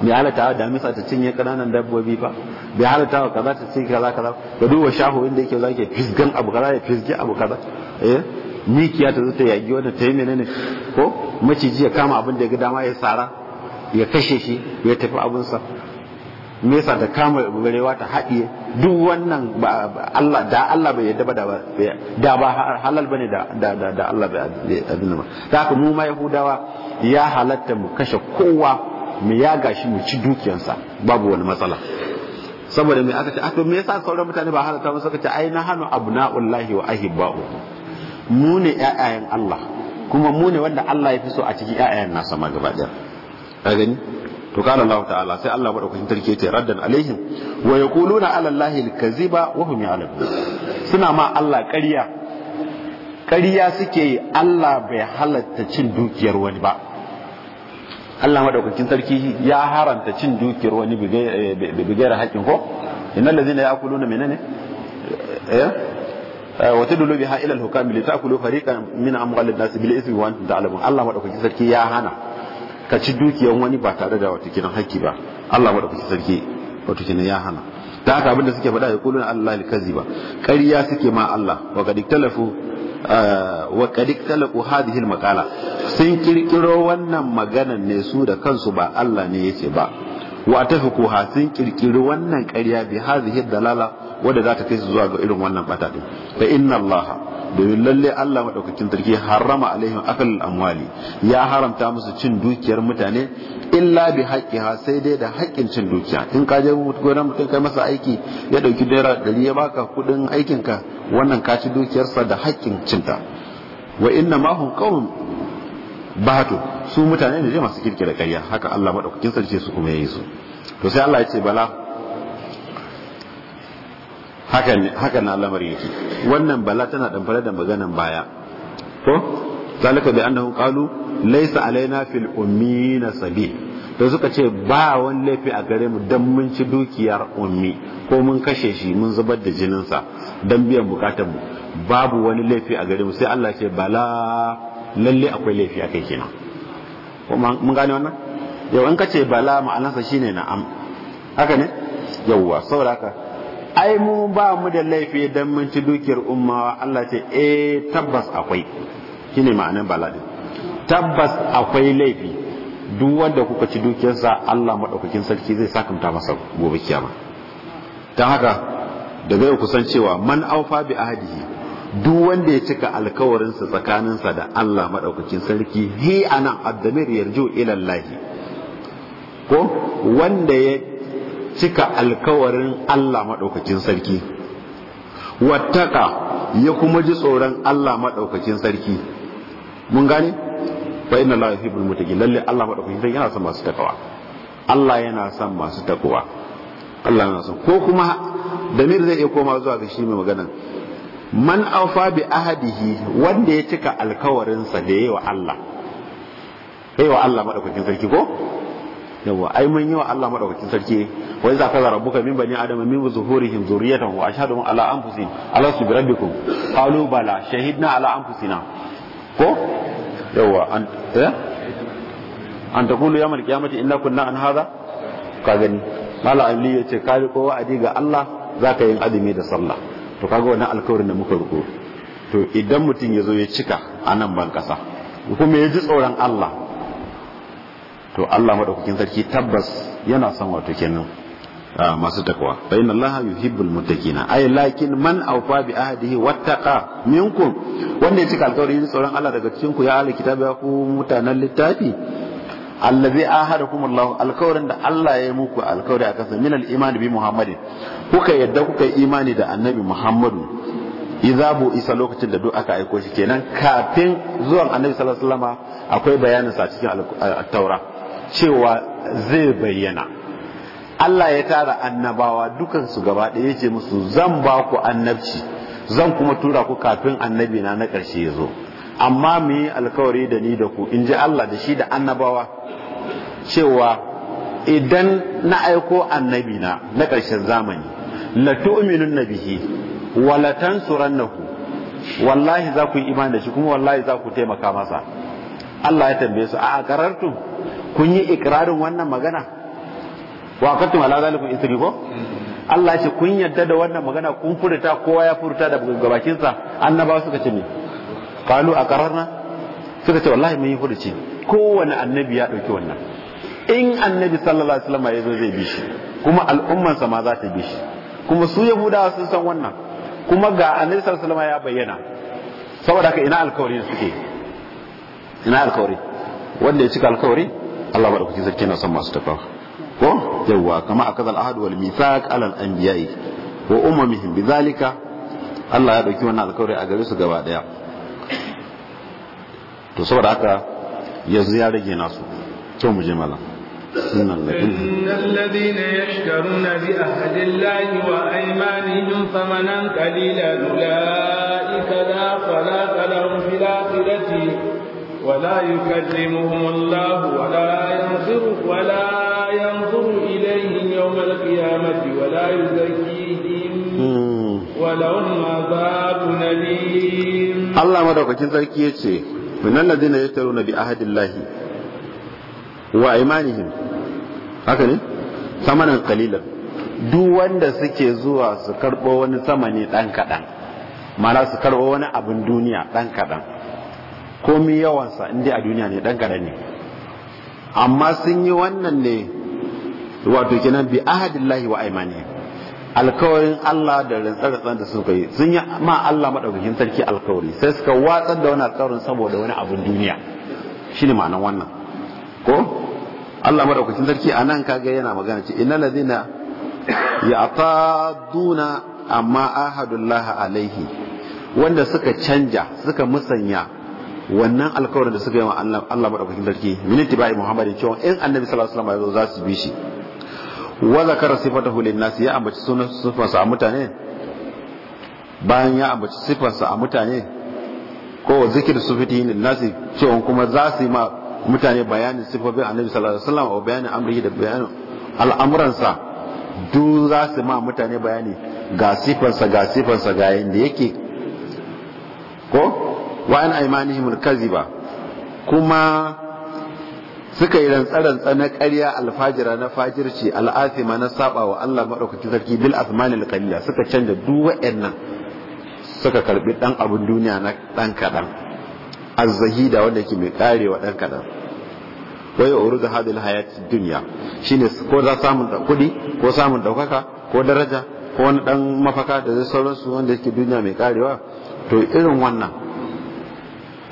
bai halatta wa damisa ta cinye kananan dabbobi ba bai halatta wa kaza ta cinye kaza kaza ka duba shahu inda yake zaki fisgan abu kaza ya fisgi abu kaza eh mikiya ta zata yagi wanda ta yi menene ko maciji ya kama abin da ya ga dama ya tsara ya kashe shi ya tafi abinsa nesa da kama barewa ta haɗiye duk wannan Allah da Allah bai yadda ba da ba halal bane da Allah bai abin ba da haka mu ma Yahudawa ya halatta mu kashe kowa mu ya gashi mu ci dukiyansa babu wani matsala saboda me aka ce a ah, to me yasa sauran mutane ba halatta mu suka ce ai na hanu abna'ullahi wa ahibba'u mu ne Allah kuma mu ne wanda Allah ya fi so a cikin ƴaƴayen nasa ma gaba ɗaya ka gani to qala Allah ta'ala sai Allah madaukakin sarki ya ce raddan alaihim wa yaquluna ala Allah al-kaziba wa hum ya'lamun suna ma Allah ƙarya ƙarya suke yi Allah bai halatta cin dukiyar wani ba Allah madaukakin sarki ya haramta cin dukiyar wani bigayar haƙƙin ko innal ladzina ya'kuluna menene eh Eh, wa tadullu biha ila al-hukam li ta'kulu fariqan min amwal an-nas bil ismi wa antum ta'lamun Allah madaukakin sarki ya hana ka ci dukiyan wani ba tare da wata kiran haƙƙi ba Allah madaukakin sarki wato kinan ya hana da haka abinda suke faɗa ya kuluna Allah al-kaziba ƙarya suke ma Allah wa qad iktalafu eh, wa qad iktalafu hadhihi al-maqala sun kirkiro wannan maganar ne su da kansu ba Allah ne yace ba wa ha sun kirkiri wannan ƙarya bi hadhihi dalala wadda za ta kai su zuwa ga irin wannan bata din fa inna allaha domin lalle Allah madaukakin sarki harrama alaihim akal amwali ya haramta musu cin dukiyar mutane illa bi haqqiha sai dai da haƙƙin cin dukiya in ka je gona mutum kai masa aiki ya dauki naira dari ya baka kuɗin aikin ka wannan ka ci dukiyarsa da haƙƙin cinta wa inna ma hum qawm bahatu su mutane ne masu kirkira ƙarya haka Allah madaukakin sarki su kuma yayi su to sai Allah ya ce bala haka na al'amari yake wannan bala tana damfare da maganan baya ko zalika bi annahum qalu laysa alaina fil ummiyina sabil da suka ce ba wani laifi a gare mu dan mun ci dukiyar ummi ko mun kashe shi mun zubar da jininsa dan biyan bukatun mu babu wani laifi a gare mu sai Allah ce bala lalle akwai laifi akai kenan mun gane wannan yau in ka ce bala ma'anarsa shine na'am haka ne yauwa saboda haka ai mu ba mu da laifi dan mun ci dukiyar umma Allah ce eh tabbas akwai shine ma'anar baladi tabbas akwai laifi duk wanda kuka ci dukiyarsa Allah madaukakin sarki zai sakamta masa gobe kiyama Ta haka da zai ku san cewa man aufa bi ahdihi duk wanda ya cika alkawarin sa tsakanin sa da Allah madaukakin sarki hi anan addamir yarju ila Allah ko wanda ya cika alkawarin Allah maɗaukakin sarki wattaka ya kuma ji tsoron Allah maɗaukakin sarki mun gane fa inna la yuhibbul muttaqin lalle Allah maɗaukakin sarki yana son masu takawa Allah yana son masu takawa Allah yana son ko kuma damir zai iya koma zuwa ga shi mai magana man aufa bi ahadihi wanda ya cika alkawarin sa da wa Allah wa Allah maɗaukakin sarki ko yawa ai mun yi wa Allah madaukakin sarki wa iza kaza rabbuka min bani adama min zuhurihim zurriyatan wa ashhadu ala anfusihim ala bi rabbikum qalu bala shahidna ala anfusina ko yawa an eh an taqulu yawmal qiyamati inna kunna an hadha ka gani mala ali yace ka ko wa'adi ga Allah zaka yin azumi da sallah to kaga wannan alkawarin da muka ruko to idan mutum ya zo ya cika a nan ban kasa kuma ya ji tsoron Allah to Allah madaukakin sarki tabbas yana son wato kenan ah, masu takwa fa inna Allah yuhibbul muttaqina ay lakin man awfa bi ahdihi wattaqa minkum wanda ya cika alƙawarin tsoron Allah daga cikin ku ya ahli kitabi ku mutanen littafi allazi ahadakum Allah alkawarin da Allah ya yi muku alkawari akan sa min al-iman bi Muhammadin kuka yadda kuka imani da Annabi Muhammadu idza bu isa lokacin da duk aka aiko shi kenan kafin zuwan Annabi sallallahu alaihi wasallama akwai bayanin sa cikin at-Taura cewa zai bayyana Allah ya tara annabawa dukansu gaba ɗaya ce musu zan ba ku annabci zan kuma tura ku kafin annabi na na ƙarshe ya zo amma mu yi alkawari da ni da ku in ji Allah da shi da annabawa cewa idan na aiko annabi na na ƙarshen zamani la tu'minun nabihi wa la tansurannahu wallahi za ku yi imani da shi kuma wallahi za ku taimaka masa Allah ya tambaye su a ƙarartu. kun yi ikirarin wannan magana wa kattum ala zalikum isri ko Allah ce kun yadda da wannan magana kun furta kowa ya furta da gabakin sa annabawa suka ce me qalu aqararna suka ce wallahi mun yi furuci kowanne annabi ya dauki wannan in annabi sallallahu alaihi wasallam ya zo zai bi shi kuma al'umman sa ma za ta bi shi kuma su yahudawa sun san wannan kuma ga annabi sallallahu alaihi wasallam ya bayyana saboda haka ina alkawari suke ina alkawari wanda ya cika alkawari Allah ba da kuke sarki na son masu tafa ko yawwa kama akaza al-ahd wal mithaq ala al-anbiya'i wa ummihim bidhalika Allah ya dauki wannan alƙawari a gare su gaba daya to saboda haka yanzu ya rage nasu to mu je malam إن الذين يشترون بأهد الله وأيمانهم ثمنا قليلا أولئك لا خلاق لهم في الآخرة ولا يكلمهم الله ولا ينظر ولا ينظر إليهم يوم القيامة ولا يزكيهم ولهم عذاب أليم الله مدوكتين سركي يتشي من الذين يترون بأهد الله وإيمانهم هكذا ثمنا قليلا duk wanda suke zuwa su karɓo wani samani ne ɗan kaɗan mana su karɓo wani abin duniya ɗan kaɗan komi yawansa inda a duniya ne dan karami amma sun yi wannan ne wato kenan bi ahadillahi wa aimani alkawarin Allah da rantsar da suka yi sun yi ma Allah madaukakin sarki alkawari sai suka watsar da wani alkawarin saboda wani abun duniya shine ma'anar wannan ko Allah madaukakin sarki anan kaga yana magana ce innal ladina ya'taduna amma ahadullahi alaihi wanda suka canja suka musanya wannan alkawarin da suka yi wa Allah madaukakin sarki min ittiba'i Muhammad cewa in annabi sallallahu alaihi wasallam ya zo za su bi shi wa zakara sifatahu lin nas ya ambaci sunan sifarsa a mutane bayan ya ambaci sifarsa a mutane ko zikir sufiti lin nas cewa kuma za su yi ma mutane bayanin sifofin annabi sallallahu alaihi wasallam wa bayanin amri da bayanin al'amuransa du za su ma mutane bayani ga sifarsa ga sifarsa ga yanda yake ko wa an aimanihim alkaziba kuma suka yi tsaran na ƙarya alfajira na fajirci alasima na saba wa Allah maɗaukaki sarki bil asmanil qalila suka canja duk wa'annan suka karbi dan abun duniya na dan kadan azzahida wanda yake mai karewa dan kadan wai uru da hadil hayat dunya shine ko za samun da kudi ko samun daukaka ko daraja ko wani dan mafaka da zai sauransu wanda yake duniya mai karewa to irin wannan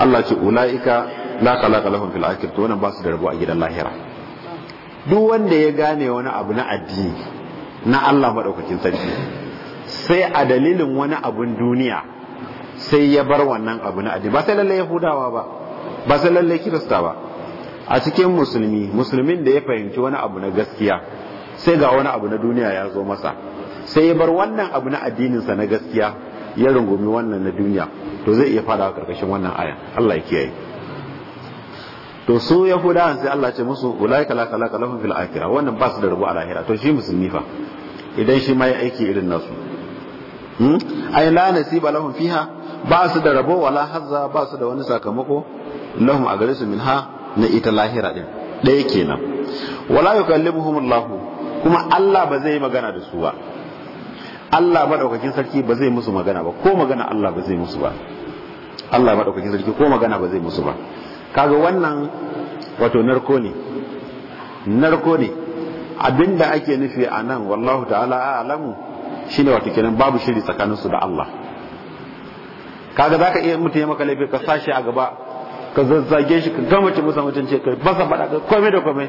Allah ce ulaika la khalaqa lahum fil akhirati wannan ba su da rabo a gidan lahira duk wanda ya gane wani abu na addini na Allah madaukakin sarki sai a dalilin wani abun duniya sai ya bar wannan abu na addini ba sai lalle yahudawa ba ba sai lalle kirista ba a cikin musulmi musulmin da ya fahimci wani abu na gaskiya sai ga wani abu na duniya ya zo masa sai ya bar wannan abu na addininsa na gaskiya ya rungumi wannan na duniya to zai iya faɗawa karkashin wannan aya Allah ya kiyaye to su yahudawan sai Allah ce musu ulaika la kala lahum fil akhirah wannan ba su da rabu a lahira to shi musulmi fa idan shi ma ya aiki irin nasu hmm ay la nasiba lahum fiha ba su da rabo wala hazza ba su da wani sakamako lahum a gare su minha na ita lahira din ɗaya kenan wala yukallimuhum Allah kuma Allah ba zai magana da su ba Allah madaukakin sarki ba zai musu magana ba ko magana Allah ba zai musu ba Allah madaukakin sarki ko magana ba zai musu ba kaga wannan wato narko ne narko ne abinda ake nufi a nan wallahu ta'ala alamu shine wato kenan babu shiri tsakanin su da Allah kaga zaka iya mutum ya maka laifi ka sashi a gaba ka zazzage shi ka gama ci musa ce ka masa faɗa ka komai da komai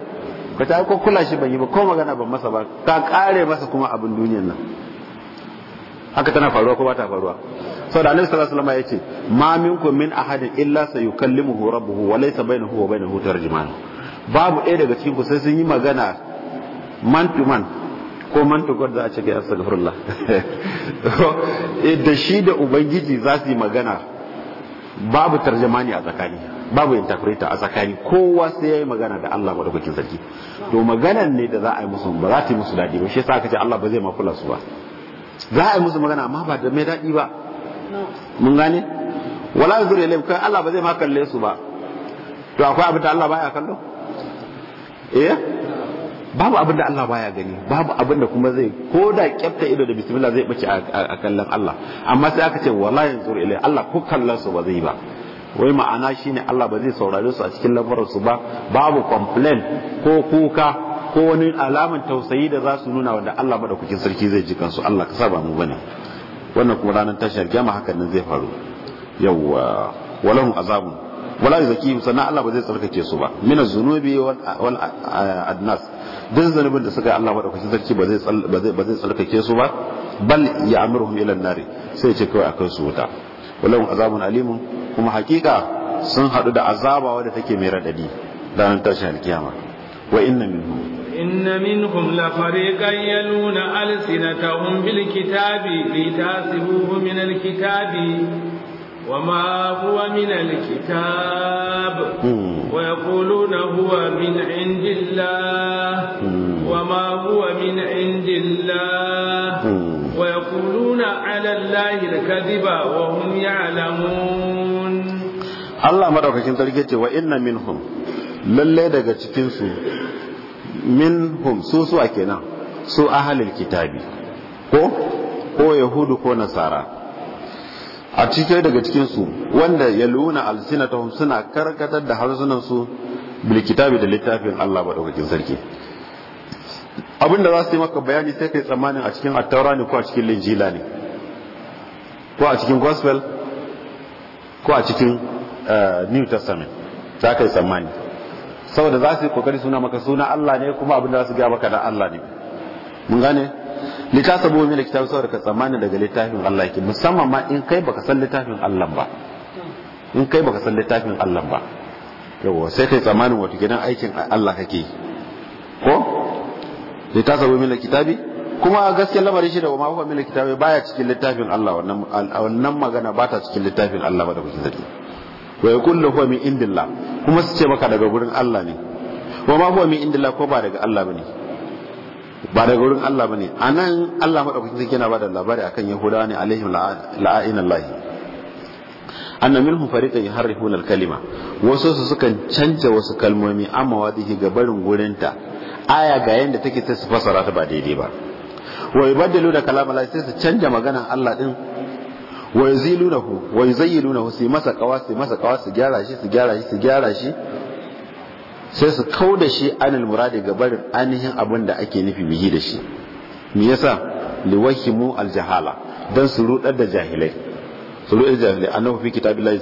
ka ta ko kula shi ban yi ba ko magana ban masa ba ka kare masa kuma abin duniyan nan haka tana faruwa ko ba ta faruwa saboda annabi sallallahu alaihi wasallam yace ma minkum min ahadin illa sayukallimuhu rabbuhu wa laysa bainahu wa bainahu tarjuman babu ɗaya daga cikin ku sai sun yi magana man to man ko man to god za a ce ga astaghfirullah eh, da shi da ubangiji za su yi magana babu tarjumani a tsakani babu interpreter a tsakani kowa sai yayi magana da Allah madaukakin sarki to maganan ne da za a yi musu ba za ta yi musu dadi ba shi yasa aka ce Allah ba zai makula su ba za a yi musu magana amma ba da mai daɗi ba mun gane wala yanzu da kai Allah ba zai ma kalle su ba to akwai abin da Allah baya kallo eh babu abin da Allah baya gani babu abin da kuma zai ko da kyafta ido da bismillah zai bace a kallon Allah amma sai aka ce wala yanzu ilai Allah ko kallon su ba zai ba wai ma'ana shine Allah ba zai saurare su a cikin lamarin su ba babu complain ko kuka ko wani alaman tausayi da za su nuna wanda Allah madaukakin sarki zai ji kansu Allah ka saba mu bane wannan kuma ranar tashar gama hakan nan zai faru yawwa walahum azabu wala zaki sannan Allah ba zai tsarkake su ba min zunubi wal adnas duk zanubin da suka yi Allah madaukakin sarki ba zai ba zai tsarkake su ba bal ya'muruhum ila an-nari sai ya ce kawai akan su wuta walahum azabun alimun kuma hakika sun haɗu da azaba wadda take mai radadi ranar tashar kiyama wa inna minhum إن منهم لفريقا يلون ألسنتهم بالكتاب لتاسبوه من الكتاب وما هو من الكتاب ويقولون هو من عند الله وما هو من عند الله ويقولون على الله الكذب وهم يعلمون الله مدوكاكين تركيتي وإن منهم للي daga cikinsu min hum su suwa kenan su ahalil kitabi ko ko yahudu ko nasara a cikin daga cikin su wanda ya luna alsinatahum suna karkatar da harsunan su bil kitabi da littafin Allah madaukakin sarki da za su yi maka bayani sai kai tsammanin a cikin attaura ne ko a cikin linjila ne ko a cikin gospel ko a cikin eh, new testament za ka yi tsammani saboda za su yi kokari suna maka suna Allah ne kuma abin da za su gaya maka da Allah ne mun gane litasabu da kitabu saboda ka tsammani daga littafin Allah yake musamman ma in kai baka san littafin Allah ba in kai baka san littafin Allah ba yawa sai kai tsammanin wato gidan aikin Allah kake ko litasabu da kitabi kuma gaskiyar lamarin shi da wa mahuwa min alkitabi baya cikin littafin Allah wannan magana ba ta cikin littafin Allah ba da kuke zaki wa yakun huwa min indillah kuma su ce maka daga gurin Allah ne wa ma huwa min indillah ko ba daga Allah bane ba daga gurin Allah bane anan Allah madaukakin sarki yana bada labari akan yahuda ne alaihim Allah anna minhum fariqan yuharrifuna al-kalima wasu su sukan canja wasu kalmomi amma wadihi ga barin gurinta aya ga yanda take sai su fasara ta ba daidai ba wa yubaddalu da kalam Allah sai su canja maganan Allah din wa yuzilunahu wa yuzayyilunahu su masa kawa su masa kawa su gyara shi su gyara shi su gyara shi sai su kau da shi anil muradi ga barin ainihin abin da ake nufi bihi da shi me yasa liwahimu aljahala dan su rudar da jahilai su rudar da jahilai annahu fi kitabillahi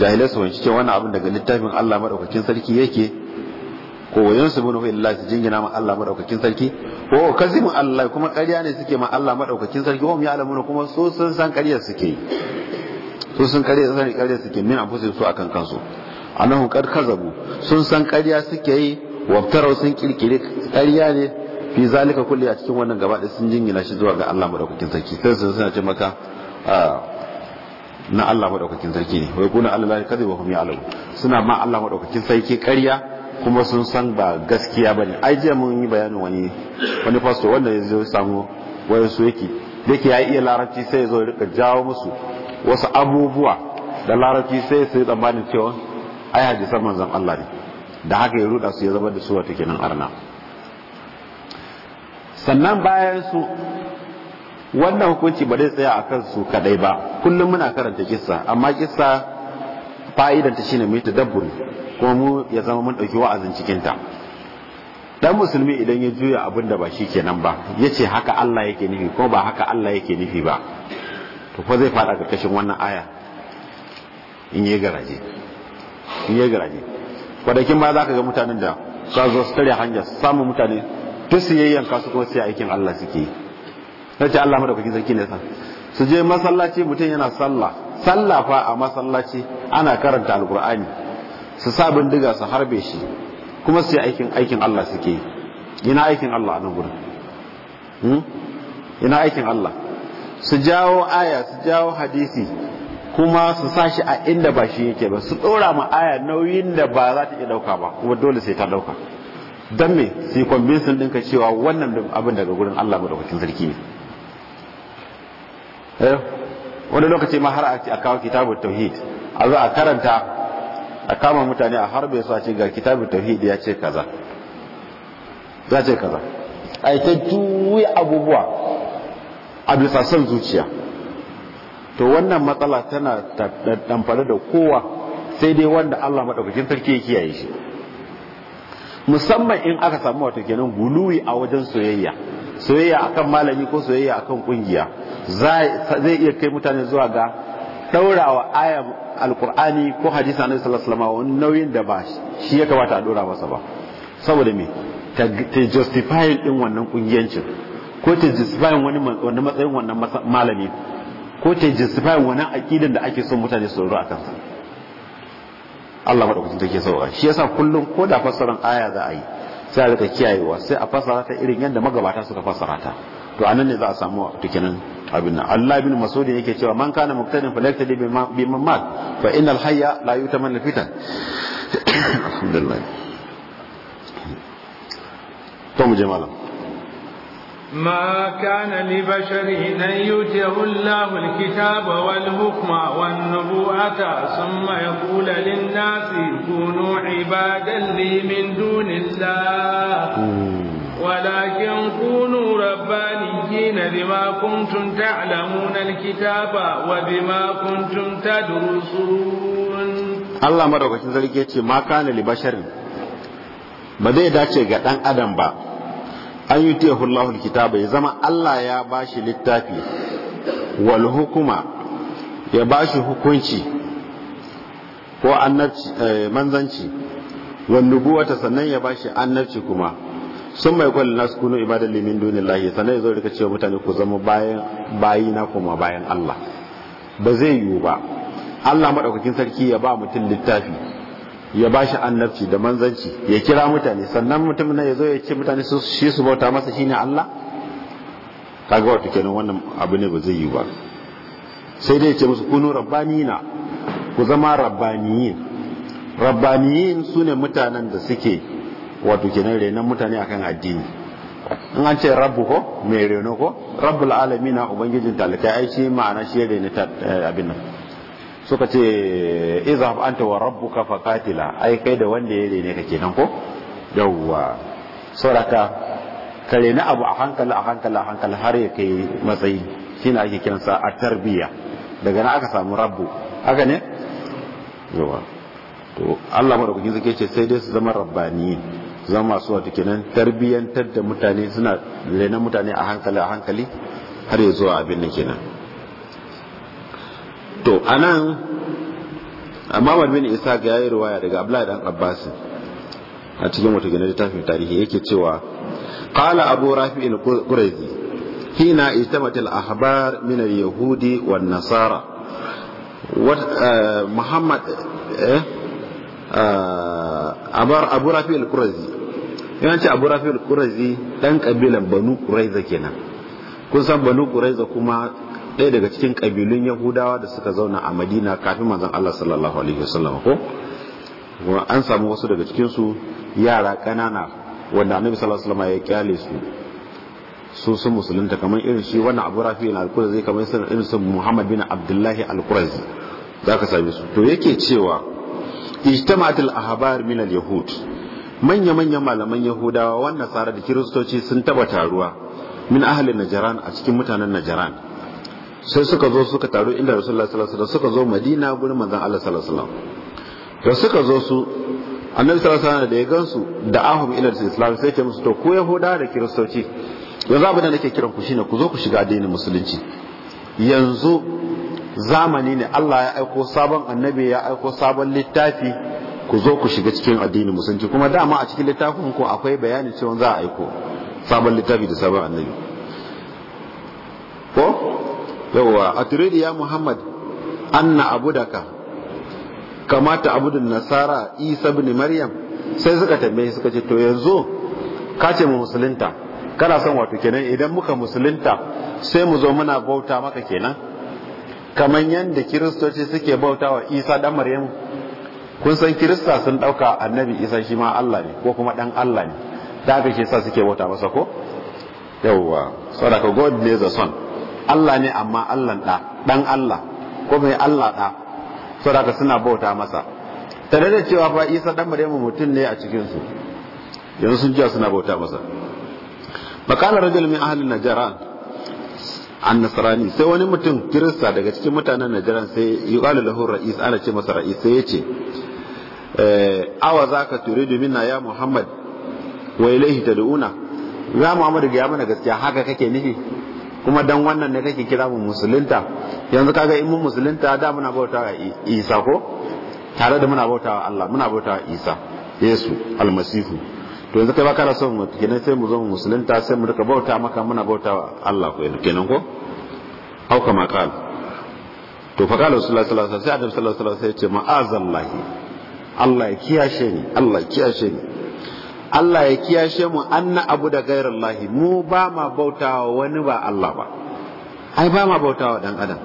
jahilai su wanci cewa wannan abin daga littafin Allah madaukakin sarki yake ko wayan su bunu illa su jingina ma Allah madaukakin sarki ko kazimu Allah kuma ƙarya ne suke ma Allah madaukakin sarki wa mu ya'lamuna kuma su sun san ƙaryar suke su sun ƙarya san ƙarya suke min anfusihim su akan kansu annahu kad kazabu sun san ƙarya suke yi wabtarau sun kirkire ƙarya ne fi zalika kulli a cikin wannan gaba da sun jingina shi zuwa ga Allah madaukakin sarki sai sun suna ce maka ah, na Allah madaukakin sarki ne wai kuna Allah la kadhibu hum ya'lamu suna ma Allah madaukakin sarki ƙarya kuma sun san ba gaskiya ba ne ai jiya mun yi bayanin wani wani pastor wanda ya zo samu wani su yake da ke ya iya larabci sai ya zo rika jawo musu wasu abubuwa da larabci sai su yi tsammanin cewa ai san manzon Allah ne da haka ya ruda su ya zama da suwa take nan arna sannan bayan su wannan hukunci ba zai tsaya a kan su kadai ba kullum muna karanta kissa amma kissa fa'idanta shine mai tadabburi ko mu ya zama mun ɗauki wa'azin cikinta dan musulmi idan ya juya abin da ba shi kenan ba ya ce haka Allah yake nufi ko ba haka Allah yake nufi ba to fa zai faɗa ƙarƙashin wannan aya in yi garaje in yi garaje kwadakin ba za ka ga mutanen da ka zo su tare hanya su samu mutane duk su yayyanka su kuma sai aikin Allah suke yi na ce Allah madaukakin sarki ne sa su je masallaci mutum yana sallah sallah fa a masallaci ana karanta alkur'ani su sa bindiga su harbe shi kuma su yi aikin aikin Allah suke yi ina aikin Allah na gudun hmm? ina aikin Allah su jawo aya su jawo hadisi kuma su sa shi a inda ba shi yake ba su ɗora ma aya nauyin da ba za ta iya ɗauka ba kuma dole sai ta ɗauka don me su yi kwambinsin ɗinka cewa wannan abin daga gudun Allah madaukakin sarki ne eh? wani lokaci ma har a kawo kitabun tauhid a zo a karanta a kama mutane a harbe su a ce ga kitabin tauhidi ya ce kaza za ce kaza a yi ta abubuwa a bisa son zuciya to wannan matsala tana damfare da kowa sai dai wanda Allah maɗaukakin sarki ya kiyaye shi musamman in aka samu wato kenan guluwi a wajen soyayya soyayya akan malami ko soyayya akan kungiya zai iya kai mutane zuwa ga ɗaurawa aya alkur'ani ko hadisi annabi sallallahu alaihi wasallam wani nauyin da ba shi ya kamata a daura masa ba saboda me ta justify din wannan kungiyancin ko ta justify wani wani matsayin wannan malami ko ta justify wani aqidan da ake son mutane su rura akan sa Allah madaukakin take sauka shi yasa kullum ko da fassaran aya za a yi sai a rika kiyayewa sai a fassara ta irin yadda magabata suka fassara ta to anan ne za a samu to kenan abin nan Allah ibn Mas'ud yake cewa man kana muqtadin falyaktadi bi man mat fa innal hayya la yutamanna fitan alhamdulillah to mu je ما كان لبشر أن يؤتيه الله الكتاب والحكم والنبوءة ثم يقول للناس كونوا عبادا لي من دون الله ولكن كونوا ربانيين بما كنتم تعلمون الكتاب وبما كنتم تدرسون الله مرة كنت ذلك ما كان لبشر ba zai dace ga ɗan adam ba an yi tehullahu kitaba ya zama Allah ya bashi littafi wal ya bashi hukunci ko annabci manzanci wal nubuwata sannan ya bashi annabci kuma sun mai kwallon nasu kunu ibadar limin duni lahi sannan ya zo rika cewa mutane ku zama bayan bayi na kuma bayan Allah ba zai yiwu ba Allah maɗaukakin sarki ya ba mutum littafi ya ba shi annabci da manzanci ya kira mutane sannan mutum na ya zo ya ce mutane su shi su bauta masa shine Allah kaga wato kenan wannan abu ne ba zai yiwu ba sai dai ya ce musu kunu na ku zama rabbaniyin rabbaniyin sune mutanen da suke wato kenan renon mutane akan addini in an ce Rabu ko mai reno ko Rabu alalami na ubangijin talakai ai shi ma'ana shi ya reni eh, abin nan suka ce izhab anta wa rabbuka katila ai kai da wanda ya reni ka kenan ko yawwa sauraka ka reni abu a hankali a hankali a hankali har ya kai matsayi na ake kiransa a tarbiya daga nan aka samu Rabu haka ne yawa to Allah madaukakin zake ce sai dai su zama rabbaniyin zama masu wato kenan tarbiyyantar da mutane suna renon mutane a hankali a hankali har ya zuwa abin nan kenan to nan. amma bin isa ga yayi ruwaya daga abdullahi dan abbas a cikin wata gina tafi tarihi yake cewa qala abu rafi al hina ijtamat al-ahbar min al-yahudi wan nasara eh, muhammad eh, abu rafi al kurazi yana ce abu rafi al-qurazi dan kabilan banu quraiza kenan kun san banu quraiza kuma ɗaya daga cikin kabilun yahudawa da suka zauna a madina kafin manzon Allah sallallahu alaihi wasallam ko an samu wasu daga cikin su yara kanana wanda annabi sallallahu alaihi wasallam ya kyale su su sun musulunta kamar irin shi wannan abu rafi al-qurazi kamar irin su muhammad bin abdullahi al-qurazi zaka same su to yake cewa ijtama'at al-ahbar min al-yahud manya-manyan malaman yahudawa wannan tsara da kiristoci sun taba taruwa min ahli najran a cikin mutanen najran sai suka zo suka taru inda rasulullah sallallahu alaihi wasallam suka zo madina gurin manzon Allah sallallahu alaihi wasallam da suka zo su annabi sallallahu alaihi wasallam da ya gansu da ahum ila islam sai ya ce musu to ko yahudawa da kristoci yanzu abin da nake kiran ku shine ku zo ku shiga addinin musulunci yanzu zamani ne Allah ya aiko sabon annabi ya aiko sabon littafi ku zo ku shiga cikin addini musulunci kuma dama a cikin littafin ku akwai bayani cewa za a aiko sabon littafi da sabon annabi ko yawa a turidi ya muhammad anna abudaka kamata abudun nasara isa bin maryam sai suka tambaye suka ce to yanzu ka ce mu musulunta kana son wato kenan idan muka musulunta sai mu zo muna bauta maka kenan kamar yadda kiristoci suke bauta wa isa dan maryamu kun san kirista sun ɗauka annabi isa shi ma allah ne ko kuma ɗan allah ne da haka shi sa suke bauta masa ko yauwa sadaka god ne the son allah ne amma allah ɗa ɗan allah ko mai allah ɗa sadaka suna bauta masa tare da cewa fa isa dan maryamu mutum ne a cikinsu yanzu sun jiya suna bauta masa makalar rajul min ahlin najran an nasarani sai wani mutum kirista daga cikin mutanen Najeriya sai yuqalu lahun ra'is ana ce masa ra'is sai ya ce eh, awa za ka zaka domin na ya muhammad wa ilaihi dauna za muhammad ga mana gaskiya haka kake nufi kuma dan wannan ne kake kira mu musulunta yanzu kaga in mun musulunta da muna wa isa ko tare da muna bauta wa Allah muna bauta wa isa yesu almasihu to yanzu kai ba kana son mu kenan sai mu zo mu musulunta sai mu rika bauta maka muna bauta wa Allah ko yanzu kenan ko au kama kal to fa kala sallallahu alaihi wasallam sai adam sallallahu alaihi wasallam sai ya ce ma'azallahi Allah ya kiyashe ni Allah ya kiyashe ni Allah ya kiyashe mu anna abu da ghairallahi mu ba ma bautawa wani ba Allah ba ai ba ma bautawa dan adam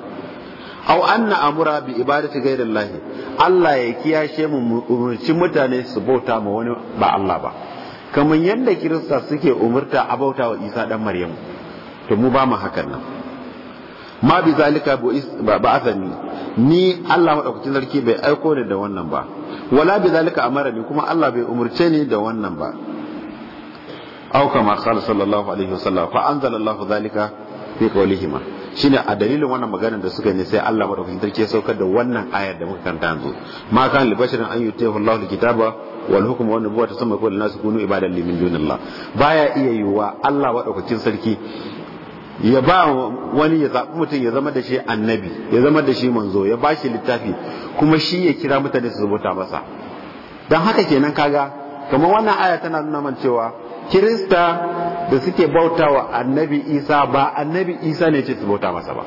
au anna amura bi ibadati ghairillahi Allah ya kiyashe mu mu mutane su bauta ma wani ba Allah ba kamar yadda kirista suke umurta a bauta wa isa dan maryamu to mu ba mu hakan nan ma bi zalika ba azani ni Allah madaukakin sarki bai aiko ni da wannan ba wala bi zalika amara ni kuma Allah bai umarce ni da wannan ba aw kama qala sallallahu alaihi wasallam fa anzala Allah zalika fi qawlihima shine a dalilin wannan maganar da suka ne sai Allah madaukakin sarki ya saukar da wannan ayar da muka kanta yanzu ma kan libashirin an yutihu Allahu kitaba wal hukmu wan nubuwatu thumma yaqulu an-nas kunu ibadan li min dunillah baya iya yuwa Allah wa madaukakin sarki ya ba wani ya zaɓi mutum ya zama da shi annabi ya zama da shi manzo ya ba shi littafi kuma shi ya kira mutane su rubuta masa don haka kenan kaga kamar wannan aya tana nuna man cewa kirista da suke bautawa annabi isa ba annabi isa ne ce su bauta masa ba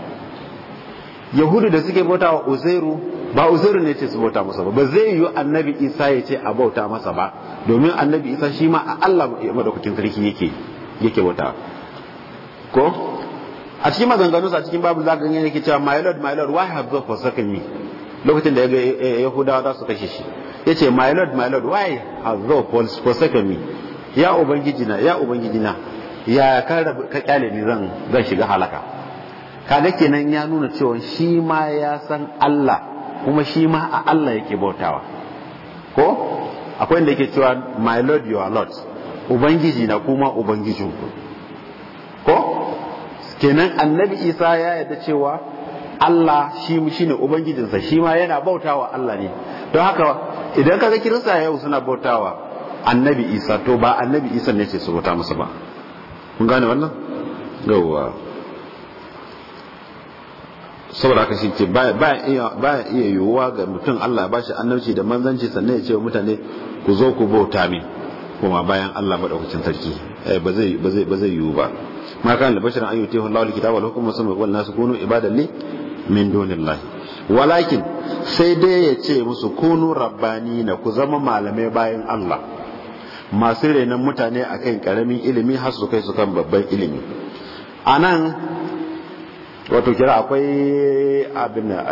yahudu da suke bauta wa uzairu ba uzurin ne ce su bauta masa ba ba zai yi annabi isa ya ce a bauta masa ba domin annabi isa shi ma a allah madaukakin sarki yake yake bauta ko a cikin maganganu a cikin babu za ka gani yake cewa my lord my lord why have you forsaken me lokacin da ya ga eh, eh, yahudawa za su kashe shi ya ce my lord my lord why have you forsaken me ya ubangiji na ya ubangiji na ya ka ka kyale ni zan zan shiga halaka Kada kenan ya nuna cewa shi ma ya san Allah kuma shi ma a Allah yake bautawa ko akwai inda yake cewa my lord your lord ubangiji na kuma ubangijinku ko kenan annabi isa ya yadda cewa Allah shi shine ubangijinsa shi ma yana bautawa Allah ne don haka idan ka ga kirista yau suna bautawa annabi isa to ba annabi isa ne ce su bauta masa ba kun gane wannan yawwa saboda haka shi ce baya iya yiwuwa ga mutum Allah ba shi annabci da manzanci sannan ya ce wa mutane ku zo ku bauta min kuma bayan Allah madaukakin sarki eh, ba zai ba zai ba zai yiwu ba ma kan albashirin an Allahu alkitaba wal hukma sama wal nasu kunu ibadan min dunillahi walakin sai dai ya ce musu kunu rabbani na ku zama malamai bayan Allah masu renon mutane akan karamin ilimi har su kai su kan babban ilimi anan wato kira akwai abin eh,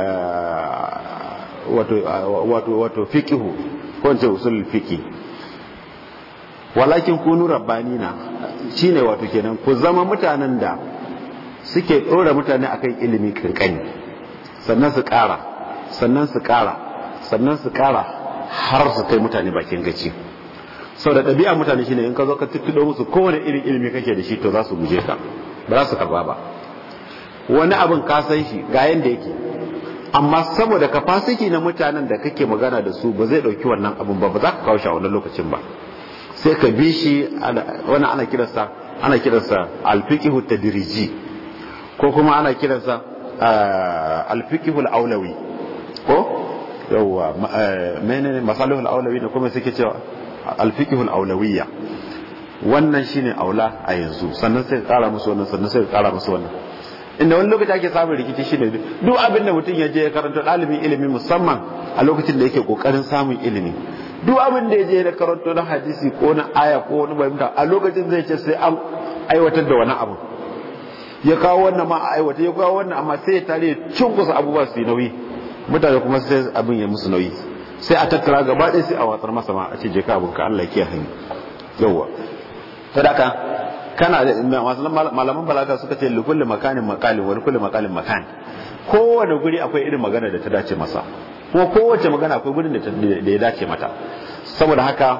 wato wato fikihu ko ko ce usul fiki walakin kunu rabbanina shine wato kenan ku zama mutanen da suke dora mutane akan ilimi kankani sannan su kara sannan su kara sannan su kara har su kai mutane bakin gaci sau da ɗabi'a mutane shine in ka zo ka tuttuɗo musu kowane irin ilimi kake da shi to za su guje ka ba za su karba ba wani abin ka san shi ga yanda yake amma saboda ka kafasiki na mutanen da kake magana da su ba zai dauki wannan abin ba ba za ka kawo shi a wannan lokacin ba sai ka bi shi wani ana kiransa ana kiransa ta tadriji ko kuma ana kiransa eh, alfikihu aulawi ko yawwa eh, menene masalihul aulawi da kuma suke cewa alfikihu aulawiyya wannan shine aula a yanzu sannan sai ka kara musu wannan sannan sai ka kara musu wannan inda wani lokaci ake samun rikici shine duk abin da mutum ya je ya karanta ɗalibin ilimi musamman a lokacin da yake kokarin samun ilimi duk abin da ya je ya karanto na hadisi ko na aya ko wani fahimta a lokacin zai ce sai an aiwatar da wani abu ya kawo wannan ma a aiwata ya kawo wannan amma sai ya tare ya cunkusa abubuwa su yi nauyi mutane kuma sai abin ya musu nauyi sai a tattara gaba ɗaya sai a watsar masa ma a ce je ka abin ka Allah ya kiyaye yawwa sadaka kana masu malaman balaga suka ce likulli makanin makalin wa kulli makalin makan kowane guri akwai irin magana da ta dace masa kuma kowace magana akwai gurin da ya dace mata saboda haka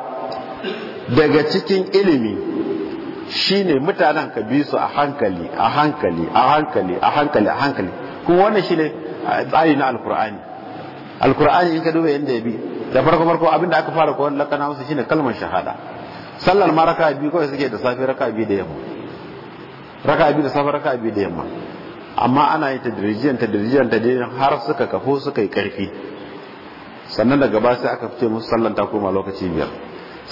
daga cikin ilimi shine mutanen ka bi su a hankali a hankali a hankali a hankali a hankali kuma wannan shine tsari na alkur'ani alkur'ani in ka duba yadda ya bi da farko farko abinda aka fara kowanne lakana musu shine kalmar shahada sallar ma raka biyu kawai suke da safe raka biyu da yamma raka biyu da safe raka biyu da yamma amma ana yi dirijiyan ta dirijiyan har suka kafo suka yi karfi sannan daga ba sai aka fice musu sallan ta koma lokaci biyar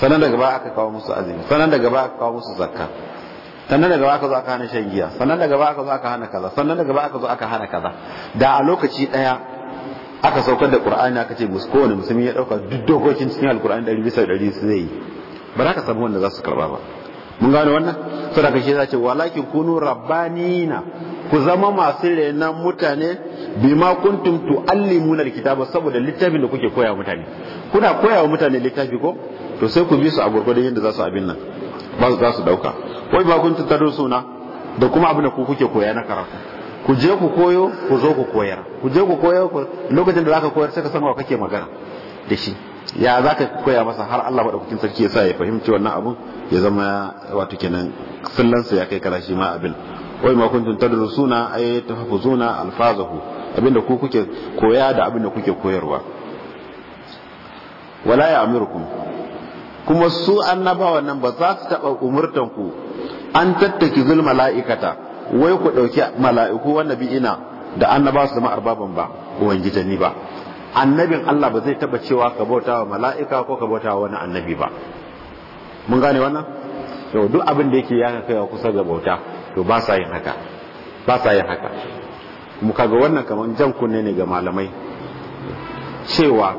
sannan daga ba aka kawo musu azumi sannan daga ba aka kawo musu zakka sannan daga ba aka zo aka hana shan giya sannan daga ba aka zo aka hana kaza sannan daga ba aka zo aka hana kaza da a lokaci daya aka saukar da qur'ani aka ce musu kowane musulmi ya dauka duk dokokin cikin alqur'ani 100 bisa 100 zai yi ba za ka samu wanda za su karba ba mun gane wannan sadaka shi zace walakin kunu rabbanina ku zama masu renan mutane bima kuntum tuallimuna alkitaba saboda littafin da kuke koya mutane kuna koya wa mutane littafi ko to sai ku bi su a gurgurdan yadda za su abin nan ba za su dauka wai ba kuntum tadrusuna da kuma abin da ku kuke koya na karatu ku je ku koyo ku zo ku koyar ku je ku koyo lokacin da zaka koyar sai ka san wa kake magana da shi ya za ka koya masa har Allah maɗaukakin sarki ya sa ya fahimci wannan abun ya zama wato kenan sillansa ya kai shi ma abin wai ma kuntum tadrusuna ay tahfuzuna alfazahu abinda ku kuke koya da abinda kuke koyarwa wala ya kuma su annabawan nan ba za su taba umurtan ku an tattaki zul mala'ikata wai ku ɗauki mala'iku wannan bi'ina da annaba su zama arbaban ba ba annabin Allah ba zai taba cewa ka bauta wa mala'ika ko ka bauta wa wani annabi ba mun gane wannan to duk abin da yake ya kaiwa kusa ga bauta to ba sa yin haka ba sa yin haka mu kaga wannan kaman jan kunne ne ga malamai cewa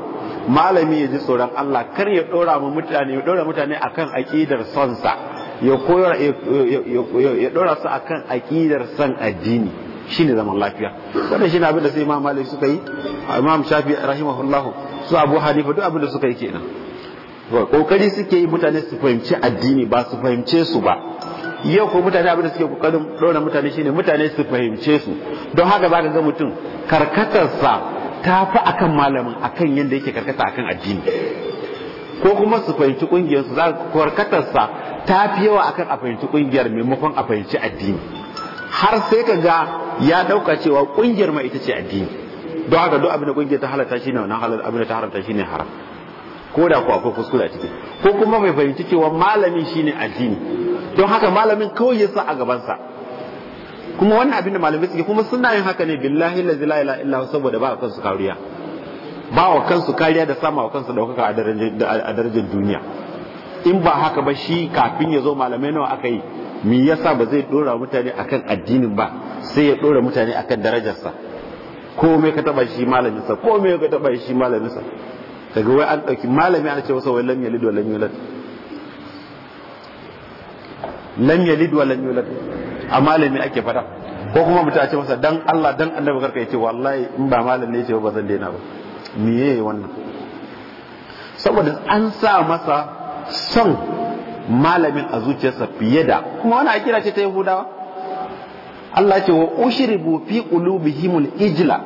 malami ya ji tsoron Allah kar ya dora mu mutane ya dora mutane akan aqidar sonsa ya koyar ya dora su akan aqidar son addini shine zaman lafiya wannan shine abin da sai imam malik suka yi imam shafi rahimahullah su abu hanifa duk abin da suka yi kenan kokari suke yi mutane su fahimci addini ba su fahimce su ba yau ko mutane abin da suke kokarin dora mutane shine mutane su fahimce su don haka za ga mutum karkatarsa ta fi akan malamin akan yadda yake karkata akan addini ko kuma su fahimci kungiyarsu za karkatarsa ta fi yawa akan a fahimci kungiyar maimakon a fahimci addini har sai ka ga ya dauka cewa kungiyar ma ita ce addini don haka duk abin da kungiyar ta halatta shine wannan halal abin da ta haramta shine haram ko da ku akwai kuskure a ciki ko kuma mai fahimci cewa malami shine addini don haka malamin kawai ya sa a gabansa kuma wannan abin da malamai suke kuma suna yin haka ne billahi la ilaha illa saboda ba kansu kariya ba wa kansu kariya da sama wa kansu daukaka a darajar duniya in ba haka ba shi kafin ya zo malamai nawa aka yi me yasa ba zai dora mutane akan addinin ba sai ya dora mutane akan darajarsa komai ka taba shi malamin sa komai ka taba shi malamin sa kaga wai an dauki malami ana ce masa wai lam yalid wa lam yulad lam yalid wa lam yulad a malami ake fada ko kuma mutum a ce masa dan Allah dan annabi karka yace wallahi in ba malami ne ce ba zan daina ba me yayi wannan saboda an sa masa son malamin a zuciyarsa fiye da kuma wani akira ce ta yahudawa Allah ce wa bufi fi qulubihimul ijla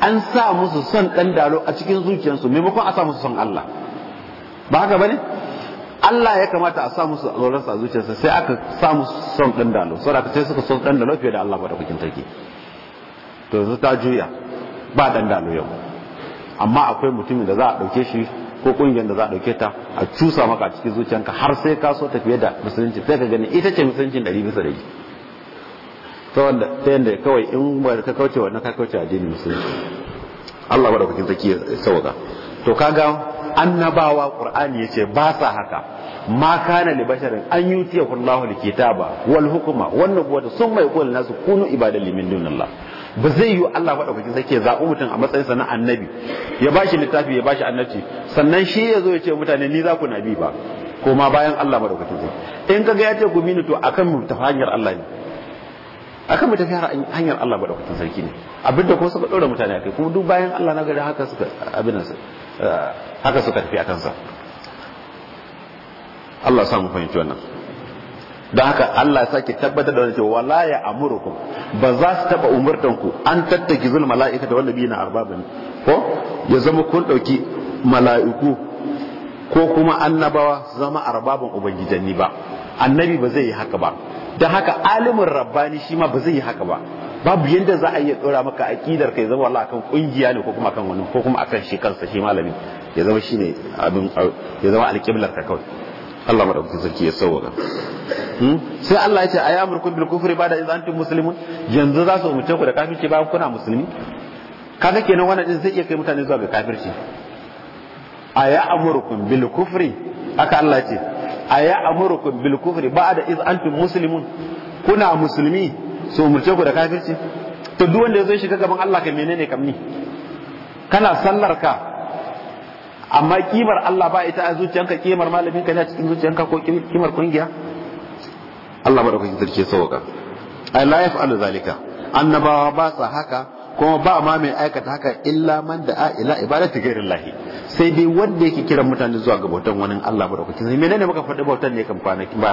an sa musu son dan dalo a cikin zuciyarsu maimakon a sa musu son Allah ba haka bane Allah ya kamata a sa musu tsoron sa zuciyarsa sai aka sa musu son dan dalo saboda ce suka son dan dalo fiye da Allah ba da kukin take to yanzu ta juya ba dan dalo yau amma akwai mutumin da za a dauke shi ko kungiyar da za a dauke ta a cusa maka a cikin zuciyanka har sai ka so tafiye da musulunci sai ka gani ita ce musulunci ɗari bisa ɗari ta wanda ta yanda kawai in ba ka kauce wannan ka kauce addinin musulunci Allah bada sarki ya sauka to kaga annabawa qur'ani yace ba sa haka ma kana li basharin an ba kullahu likitaba wal hukma sun sun mai yaqulu nasu kunu ibadan limin dunillah ba zai yi Allah maɗaukakin sai ke zabu mutum a matsayin sa na annabi ya bashi littafi ya bashi annabci sannan shi ya zo ya ce mutane ni za ku na bi ba ko ma bayan Allah maɗaukakin sarki in kaga ya ce ku mini to akan mu tafi hanyar Allah ne akan mu tafi hanyar Allah maɗaukakin sarki ne abinda ko suka ɗora mutane akai kuma duk bayan Allah na gari haka suka abin eh, haka suka tafi akan sa Allah samu fahimci wannan don haka Allah ya sake tabbatar da cewa wala ya amurukum ba za su taba umurtan ku an tattaki zul mala'ika da wallabi na arbabin ko ya zama kun dauki mala'iku ko kuma annabawa zama arbabin ubangijanni ba annabi ba zai yi haka ba don haka alimin rabbani shi ma ba zai yi haka ba babu yadda za a iya tsora maka akidar kai zama Allah kan kungiya ne ko kuma kan wani ko kuma akan shi kansa shi malami ya zama shine abin ya zama alƙiblar ka kawai Allah madaukakin sarki ya sauka hmm? sai Allah ya ce ayi amurkum bil kufri bada idza antum muslimun yanzu za su umurce ku da kafirci bayan kuna musulmi kaga kenan wannan din zai iya kai mutane zuwa ga kafirci ayi amurkum bil kufri haka Allah ya ce ayi amurkum bil kufri ba'da iz antum muslimun kuna musulmi su umurce ku da kafirci to duk wanda ya zo shiga gaban Allah kai menene kamni kana sallar ka amma kimar Allah ba ita a zuciyanka kimar malamin ka ne a cikin zuciyanka ko kimar kungiya Allah ba da kuke sarki sauka ai la yaf'alu zalika annabawa ba sa haka kuma ba ma mai aikata haka illa man da'a ila ibadati lahi. sai dai wanda yake kiran mutane zuwa ga bautan wani Allah ba da kwanci sai menene muka faɗi bautan ne kan kwanaki ba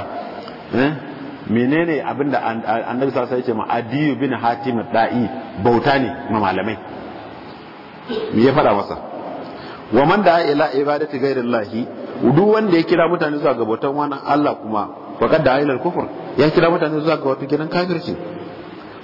eh? menene abinda annabi sallallahu alaihi wasallam ya ce ma adiyu bin hatim da'i bauta ne ma malamai me ya faɗa masa wa man da ila ibadati ghairillahi duk wanda ya kira mutane zuwa ga bautan wannan Allah kuma faqad da ila kufur ya kira mutane zuwa ga wannan gidan kafirci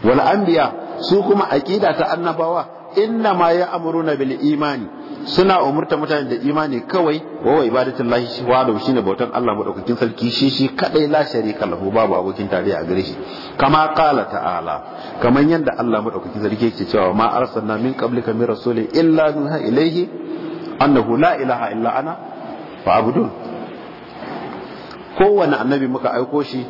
wal anbiya su kuma aqida ta annabawa inna ma ya'muruna bil imani suna umurta mutane da imani kawai wa wa ibadatin lahi shi wa da shine bautan Allah madaukakin sarki shi shi kadai la sharika lahu babu abokin tarayya a gare shi kama qala ta'ala kaman yanda Allah madaukakin sarki yake cewa ma arsalna min qablika min rasulin illa nuha ilayhi annahu la ilaha illa ana abudun kowanne annabi muka aiko shi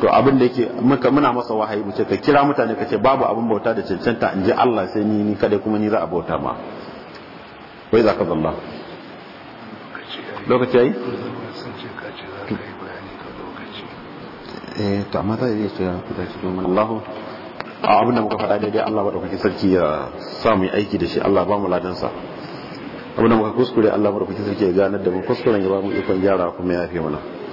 to abin da yake muka muna masa wahayi mu ce ka kira mutane ka ce babu abin bauta da cancanta in ji Allah sai ni ni kada kuma ni za a bauta ma wai za ka zalla lokaci ai eh to amma za iya ya ku shi domin Allah a abin da muka faɗa daidai Allah ba sarki ya sa mu aiki da shi Allah ba mu ladansa abinda muka kuskure Allah mu da ganar da mu kuskuren ya ba mu ikon gyara kuma ya fi mana